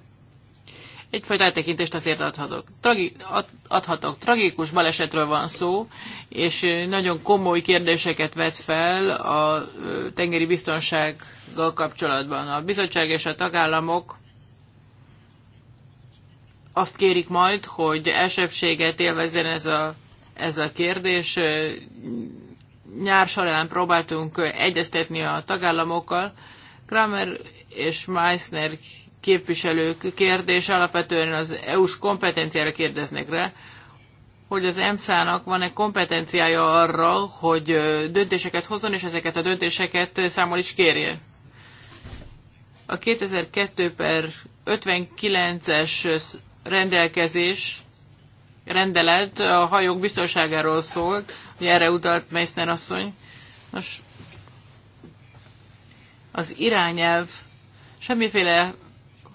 Egyfajta eltekintést azért adhatok. Tragi, ad, adhatok. Tragikus balesetről van szó, és nagyon komoly kérdéseket vet fel a tengeri biztonsággal kapcsolatban. A bizottság és a tagállamok azt kérik majd, hogy elsőbséget élvezzen ez a, ez a kérdés. Nyár során próbáltunk egyeztetni a tagállamokkal. Kramer és Meissner képviselők kérdés, alapvetően az EU-s kompetenciára kérdeznek rá, hogy az EMSZ-nak van-e kompetenciája arra, hogy döntéseket hozzon, és ezeket a döntéseket számol is kérje. A 2002 per 59-es rendelkezés rendelet a hajók biztonságáról szólt, hogy erre utalt Meissner asszony. Nos, az irányelv semmiféle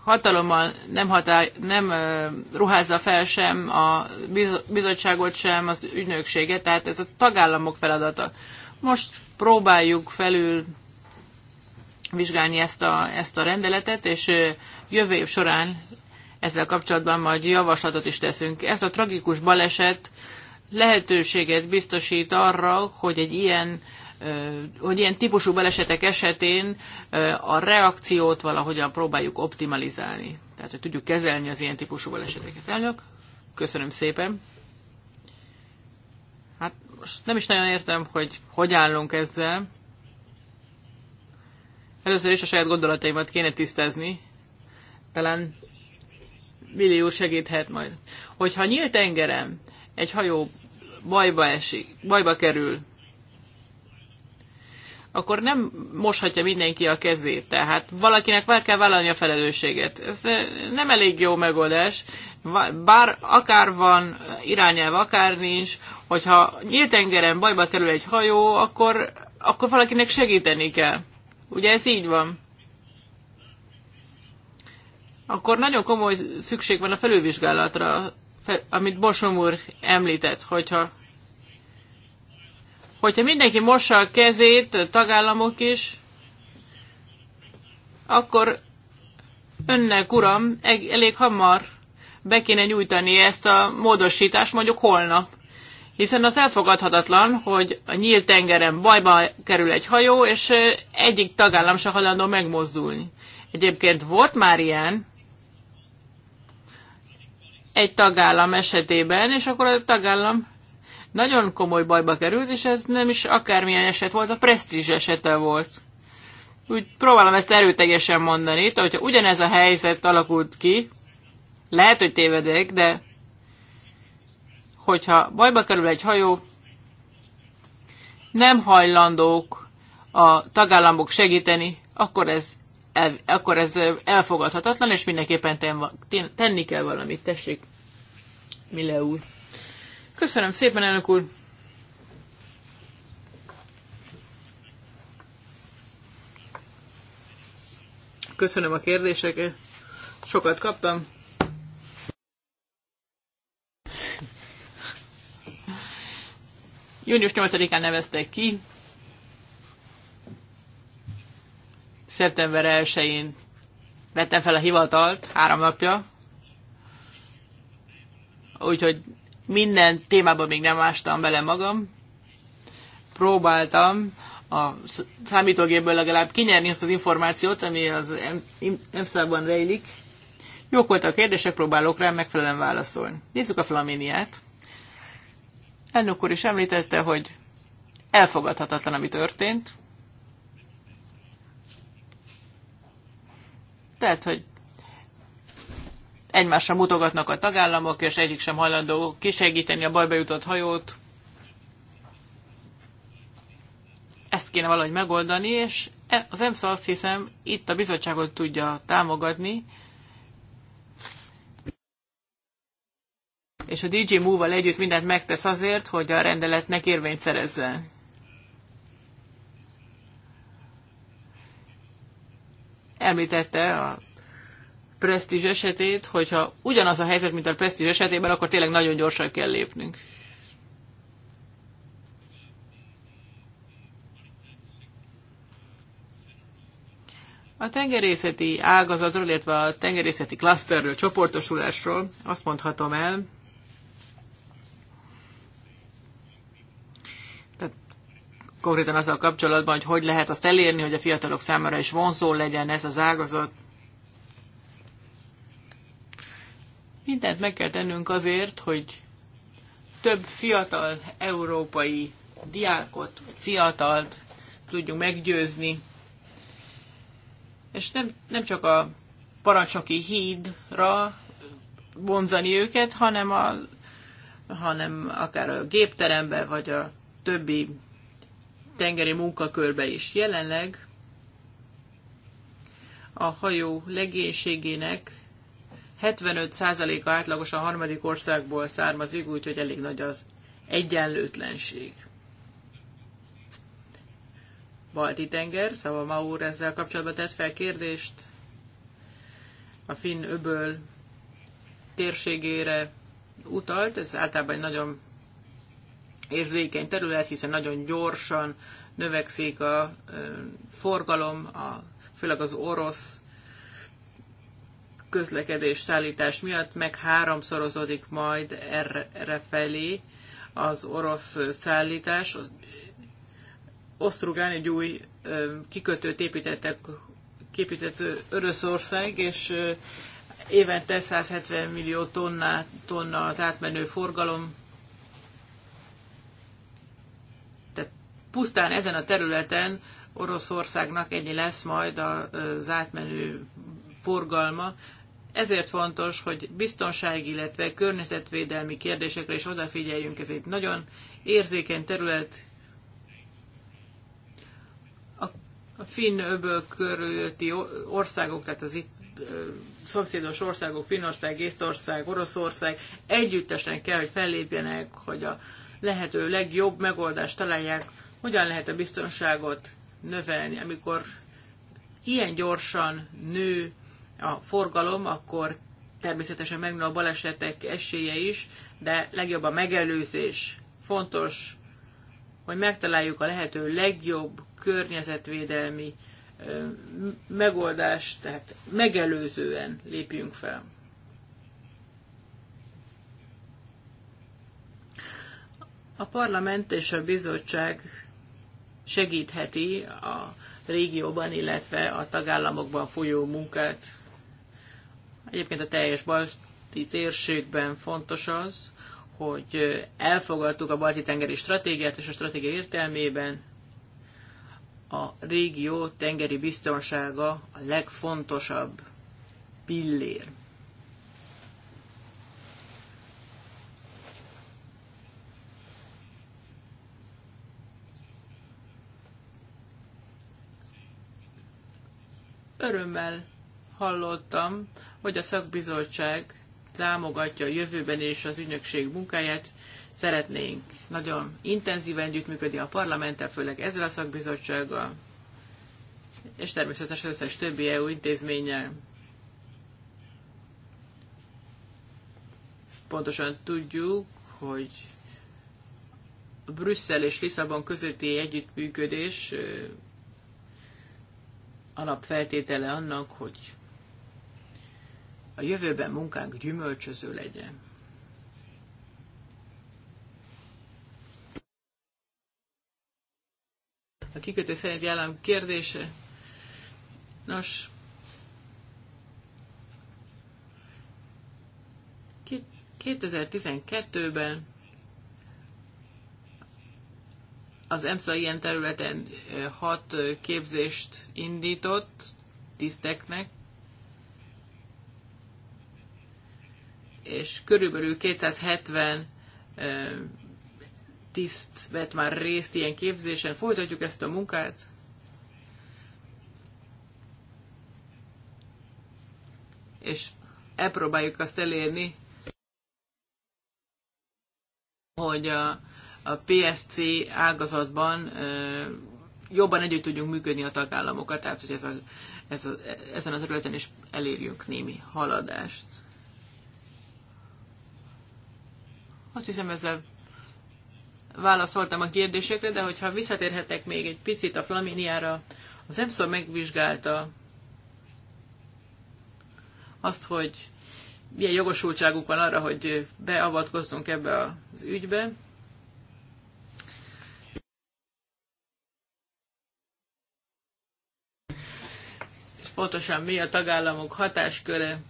hatalommal nem, hatá, nem ruházza fel sem a bizottságot, sem az ügynökséget, tehát ez a tagállamok feladata. Most próbáljuk felül vizsgálni ezt a, ezt a rendeletet, és jövő év során ezzel kapcsolatban majd javaslatot is teszünk. Ez a tragikus baleset lehetőséget biztosít arra, hogy egy ilyen hogy ilyen típusú balesetek esetén a reakciót valahogyan próbáljuk optimalizálni. Tehát, hogy tudjuk kezelni az ilyen típusú baleseteket. Elnök, köszönöm szépen. Hát most nem is nagyon értem, hogy hogy állunk ezzel. Először is a saját gondolataimat kéne tisztázni. Talán millió segíthet majd. Hogyha nyílt tengerem egy hajó bajba esik, bajba kerül, akkor nem moshatja mindenki a kezét. Tehát valakinek meg kell vállalni a felelősséget. Ez eh, nem elég jó megoldás. Bár akár van eh, irányelv, akár nincs, hogyha nyílt tengeren bajba kerül egy hajó, akkor, akkor valakinek segíteni kell. Ugye ez így van? Akkor nagyon komoly szükség van a felülvizsgálatra, amit Borsom úr említett, hogyha Hogyha mindenki mossa a kezét, tagállamok is, akkor önnek, uram, elég hamar be kéne nyújtani ezt a módosítást, mondjuk holnap. Hiszen az elfogadhatatlan, hogy a nyílt tengeren bajba kerül egy hajó, és egyik tagállam se hajlandó megmozdulni. Egyébként volt már ilyen egy tagállam esetében, és akkor a tagállam nagyon komoly bajba került, és ez nem is akármilyen eset volt, a presztízs esete volt. Úgy próbálom ezt erőteljesen mondani, tehát hogyha ugyanez a helyzet alakult ki, lehet, hogy tévedek, de hogyha bajba kerül egy hajó, nem hajlandók a tagállamok segíteni, akkor ez, el, akkor ez elfogadhatatlan, és mindenképpen tenni kell valamit. Tessék, Mille úr. Köszönöm szépen, elnök úr! Köszönöm a kérdéseket. Sokat kaptam. Június 8-án neveztek ki. Szeptember 1-én vettem fel a hivatalt, három napja. Úgyhogy minden témában még nem ástam bele magam. Próbáltam a számítógépből legalább kinyerni azt az információt, ami az emsz ban rejlik. Jók voltak a kérdések, próbálok rá megfelelően válaszolni. Nézzük a Flaminiát. Elnök úr is említette, hogy elfogadhatatlan, ami történt. Tehát, hogy egymásra mutogatnak a tagállamok, és egyik sem hajlandó kisegíteni a bajba jutott hajót. Ezt kéne valahogy megoldani, és e- az EMSZA azt hiszem itt a bizottságot tudja támogatni, és a DJ Move-val együtt mindent megtesz azért, hogy a rendeletnek érvényt szerezzen. Említette a presztízs esetét, hogyha ugyanaz a helyzet, mint a presztízs esetében, akkor tényleg nagyon gyorsan kell lépnünk. A tengerészeti ágazatról, illetve a tengerészeti klaszterről, csoportosulásról azt mondhatom el, tehát konkrétan azzal kapcsolatban, hogy hogy lehet azt elérni, hogy a fiatalok számára is vonzó legyen ez az ágazat, Mindent meg kell tennünk azért, hogy több fiatal európai diákot, vagy fiatalt tudjunk meggyőzni. És nem, nem csak a parancsoki hídra vonzani őket, hanem, a, hanem akár a gépterembe, vagy a többi tengeri munkakörbe is. Jelenleg a hajó legénységének 75%-a átlagos a harmadik országból származik, úgyhogy elég nagy az egyenlőtlenség. Balti tenger, Szava Maur ezzel kapcsolatban tett fel kérdést a finn öböl térségére utalt, ez általában egy nagyon érzékeny terület, hiszen nagyon gyorsan növekszik a forgalom, a, főleg az orosz közlekedés szállítás miatt meg háromszorozódik majd erre felé az orosz szállítás. Osztrugán egy új kikötőt építettek, képített Oroszország, és évente 170 millió tonna, tonna az átmenő forgalom. Tehát pusztán ezen a területen Oroszországnak ennyi lesz majd az átmenő forgalma. Ezért fontos, hogy biztonság, illetve környezetvédelmi kérdésekre is odafigyeljünk. Ez egy nagyon érzékeny terület. A finn öböl körülti országok, tehát az itt szomszédos országok, Finnország, Észtország, Oroszország együttesen kell, hogy fellépjenek, hogy a lehető legjobb megoldást találják, hogyan lehet a biztonságot növelni, amikor ilyen gyorsan nő a forgalom, akkor természetesen megnő a balesetek esélye is, de legjobb a megelőzés. Fontos, hogy megtaláljuk a lehető legjobb környezetvédelmi megoldást, tehát megelőzően lépjünk fel. A parlament és a bizottság segítheti a régióban, illetve a tagállamokban folyó munkát Egyébként a teljes balti térségben fontos az, hogy elfogadtuk a balti tengeri stratégiát, és a stratégia értelmében a régió tengeri biztonsága a legfontosabb pillér. Örömmel hallottam, hogy a szakbizottság támogatja a jövőben és az ügynökség munkáját. Szeretnénk nagyon intenzíven együttműködni a parlamenttel, főleg ezzel a szakbizottsággal, és természetesen az összes többi EU intézménnyel. Pontosan tudjuk, hogy a Brüsszel és Lisszabon közötti együttműködés alapfeltétele annak, hogy a jövőben munkánk gyümölcsöző legyen. A kikötő szerint jelen kérdése. Nos, ki 2012-ben az EMSZA ilyen területen eh, hat képzést indított tiszteknek, és körülbelül 270 tiszt vett már részt ilyen képzésen. Folytatjuk ezt a munkát. És elpróbáljuk azt elérni, hogy a, a PSC ágazatban ö, jobban együtt tudjunk működni a tagállamokat, tehát hogy ez a, ez a, ezen a területen is elérjünk némi haladást. Azt hiszem ezzel válaszoltam a kérdésekre, de hogyha visszatérhetek még egy picit a Flaminiára, az EMSZA megvizsgálta azt, hogy milyen jogosultságuk van arra, hogy beavatkozzunk ebbe az ügybe. Pontosan mi a tagállamok hatásköre.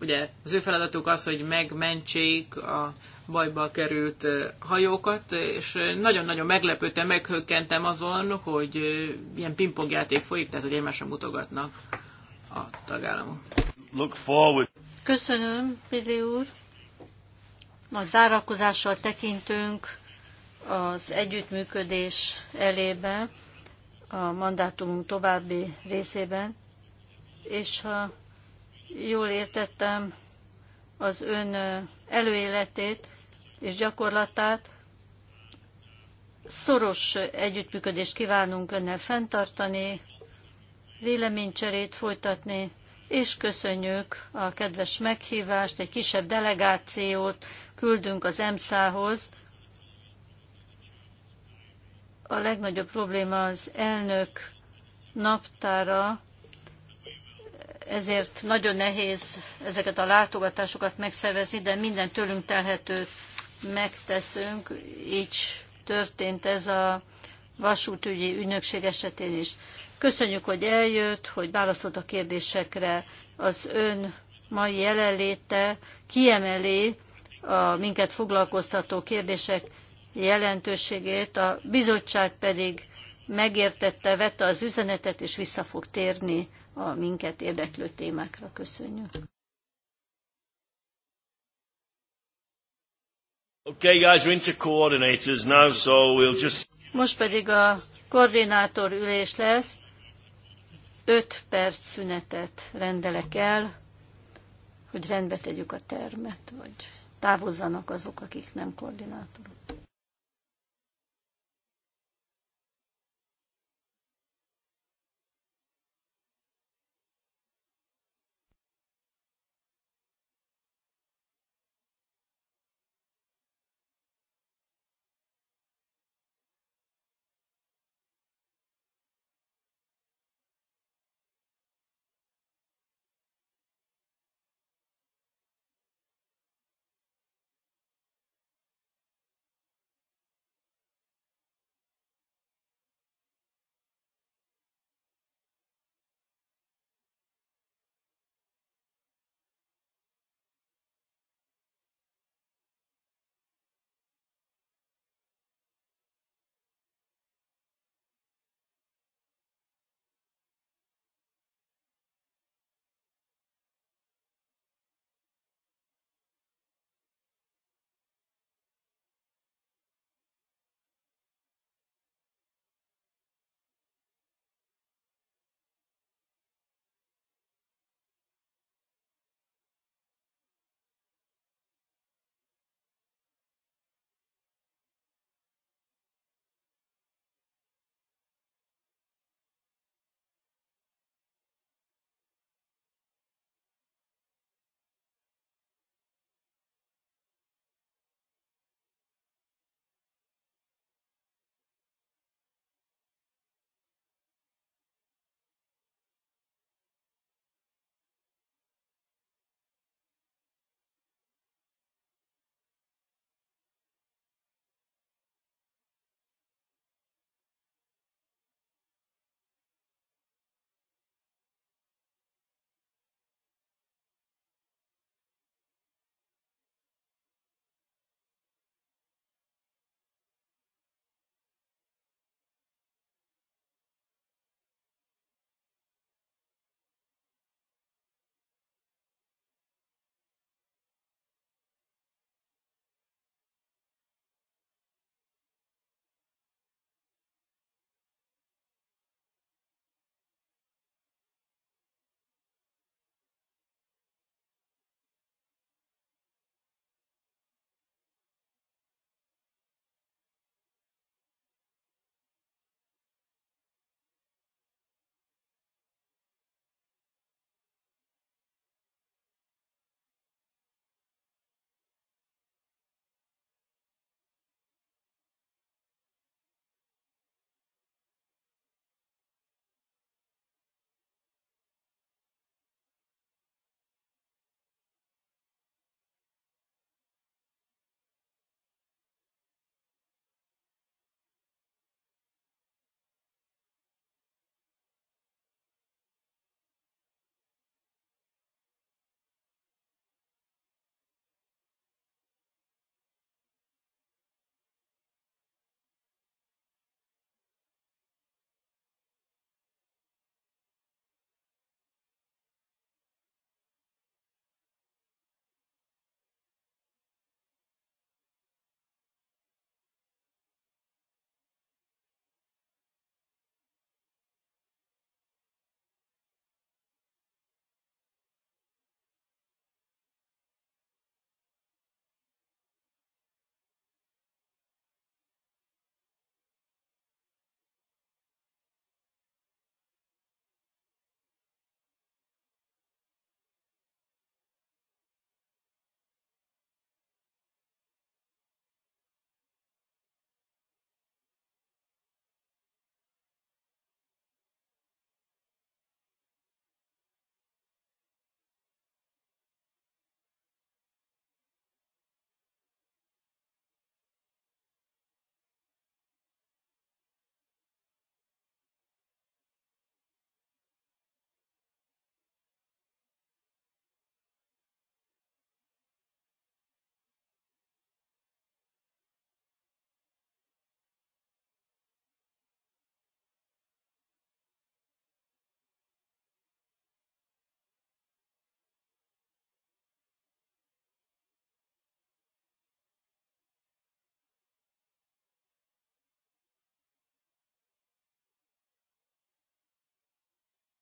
Ugye az ő feladatuk az, hogy megmentsék a bajba került hajókat, és nagyon-nagyon meglepődtem, meghökkentem azon, hogy ilyen pingpongjáték folyik, tehát hogy egymásra mutogatnak a tagállamok. Look forward. Köszönöm, Pili úr. Nagy várakozással tekintünk az együttműködés elébe a mandátumunk további részében, és ha jól értettem az ön előéletét, és gyakorlatát. Szoros együttműködést kívánunk önnel fenntartani, véleménycserét folytatni, és köszönjük a kedves meghívást, egy kisebb delegációt küldünk az EMSZ-hoz. A legnagyobb probléma az elnök naptára, ezért nagyon nehéz ezeket a látogatásokat megszervezni, de minden tőlünk telhetőt megteszünk, így történt ez a vasútügyi ügynökség esetén is. Köszönjük, hogy eljött, hogy válaszolt a kérdésekre. Az ön mai jelenléte kiemeli a minket foglalkoztató kérdések jelentőségét, a bizottság pedig megértette, vette az üzenetet, és vissza fog térni a minket érdeklő témákra. Köszönjük. Okay, guys, we're into coordinators now, so we'll just... Most pedig a koordinátor ülés lesz. 5 perc szünetet rendelek el, hogy rendbe tegyük a termet, vagy távozzanak azok, akik nem koordinátorok.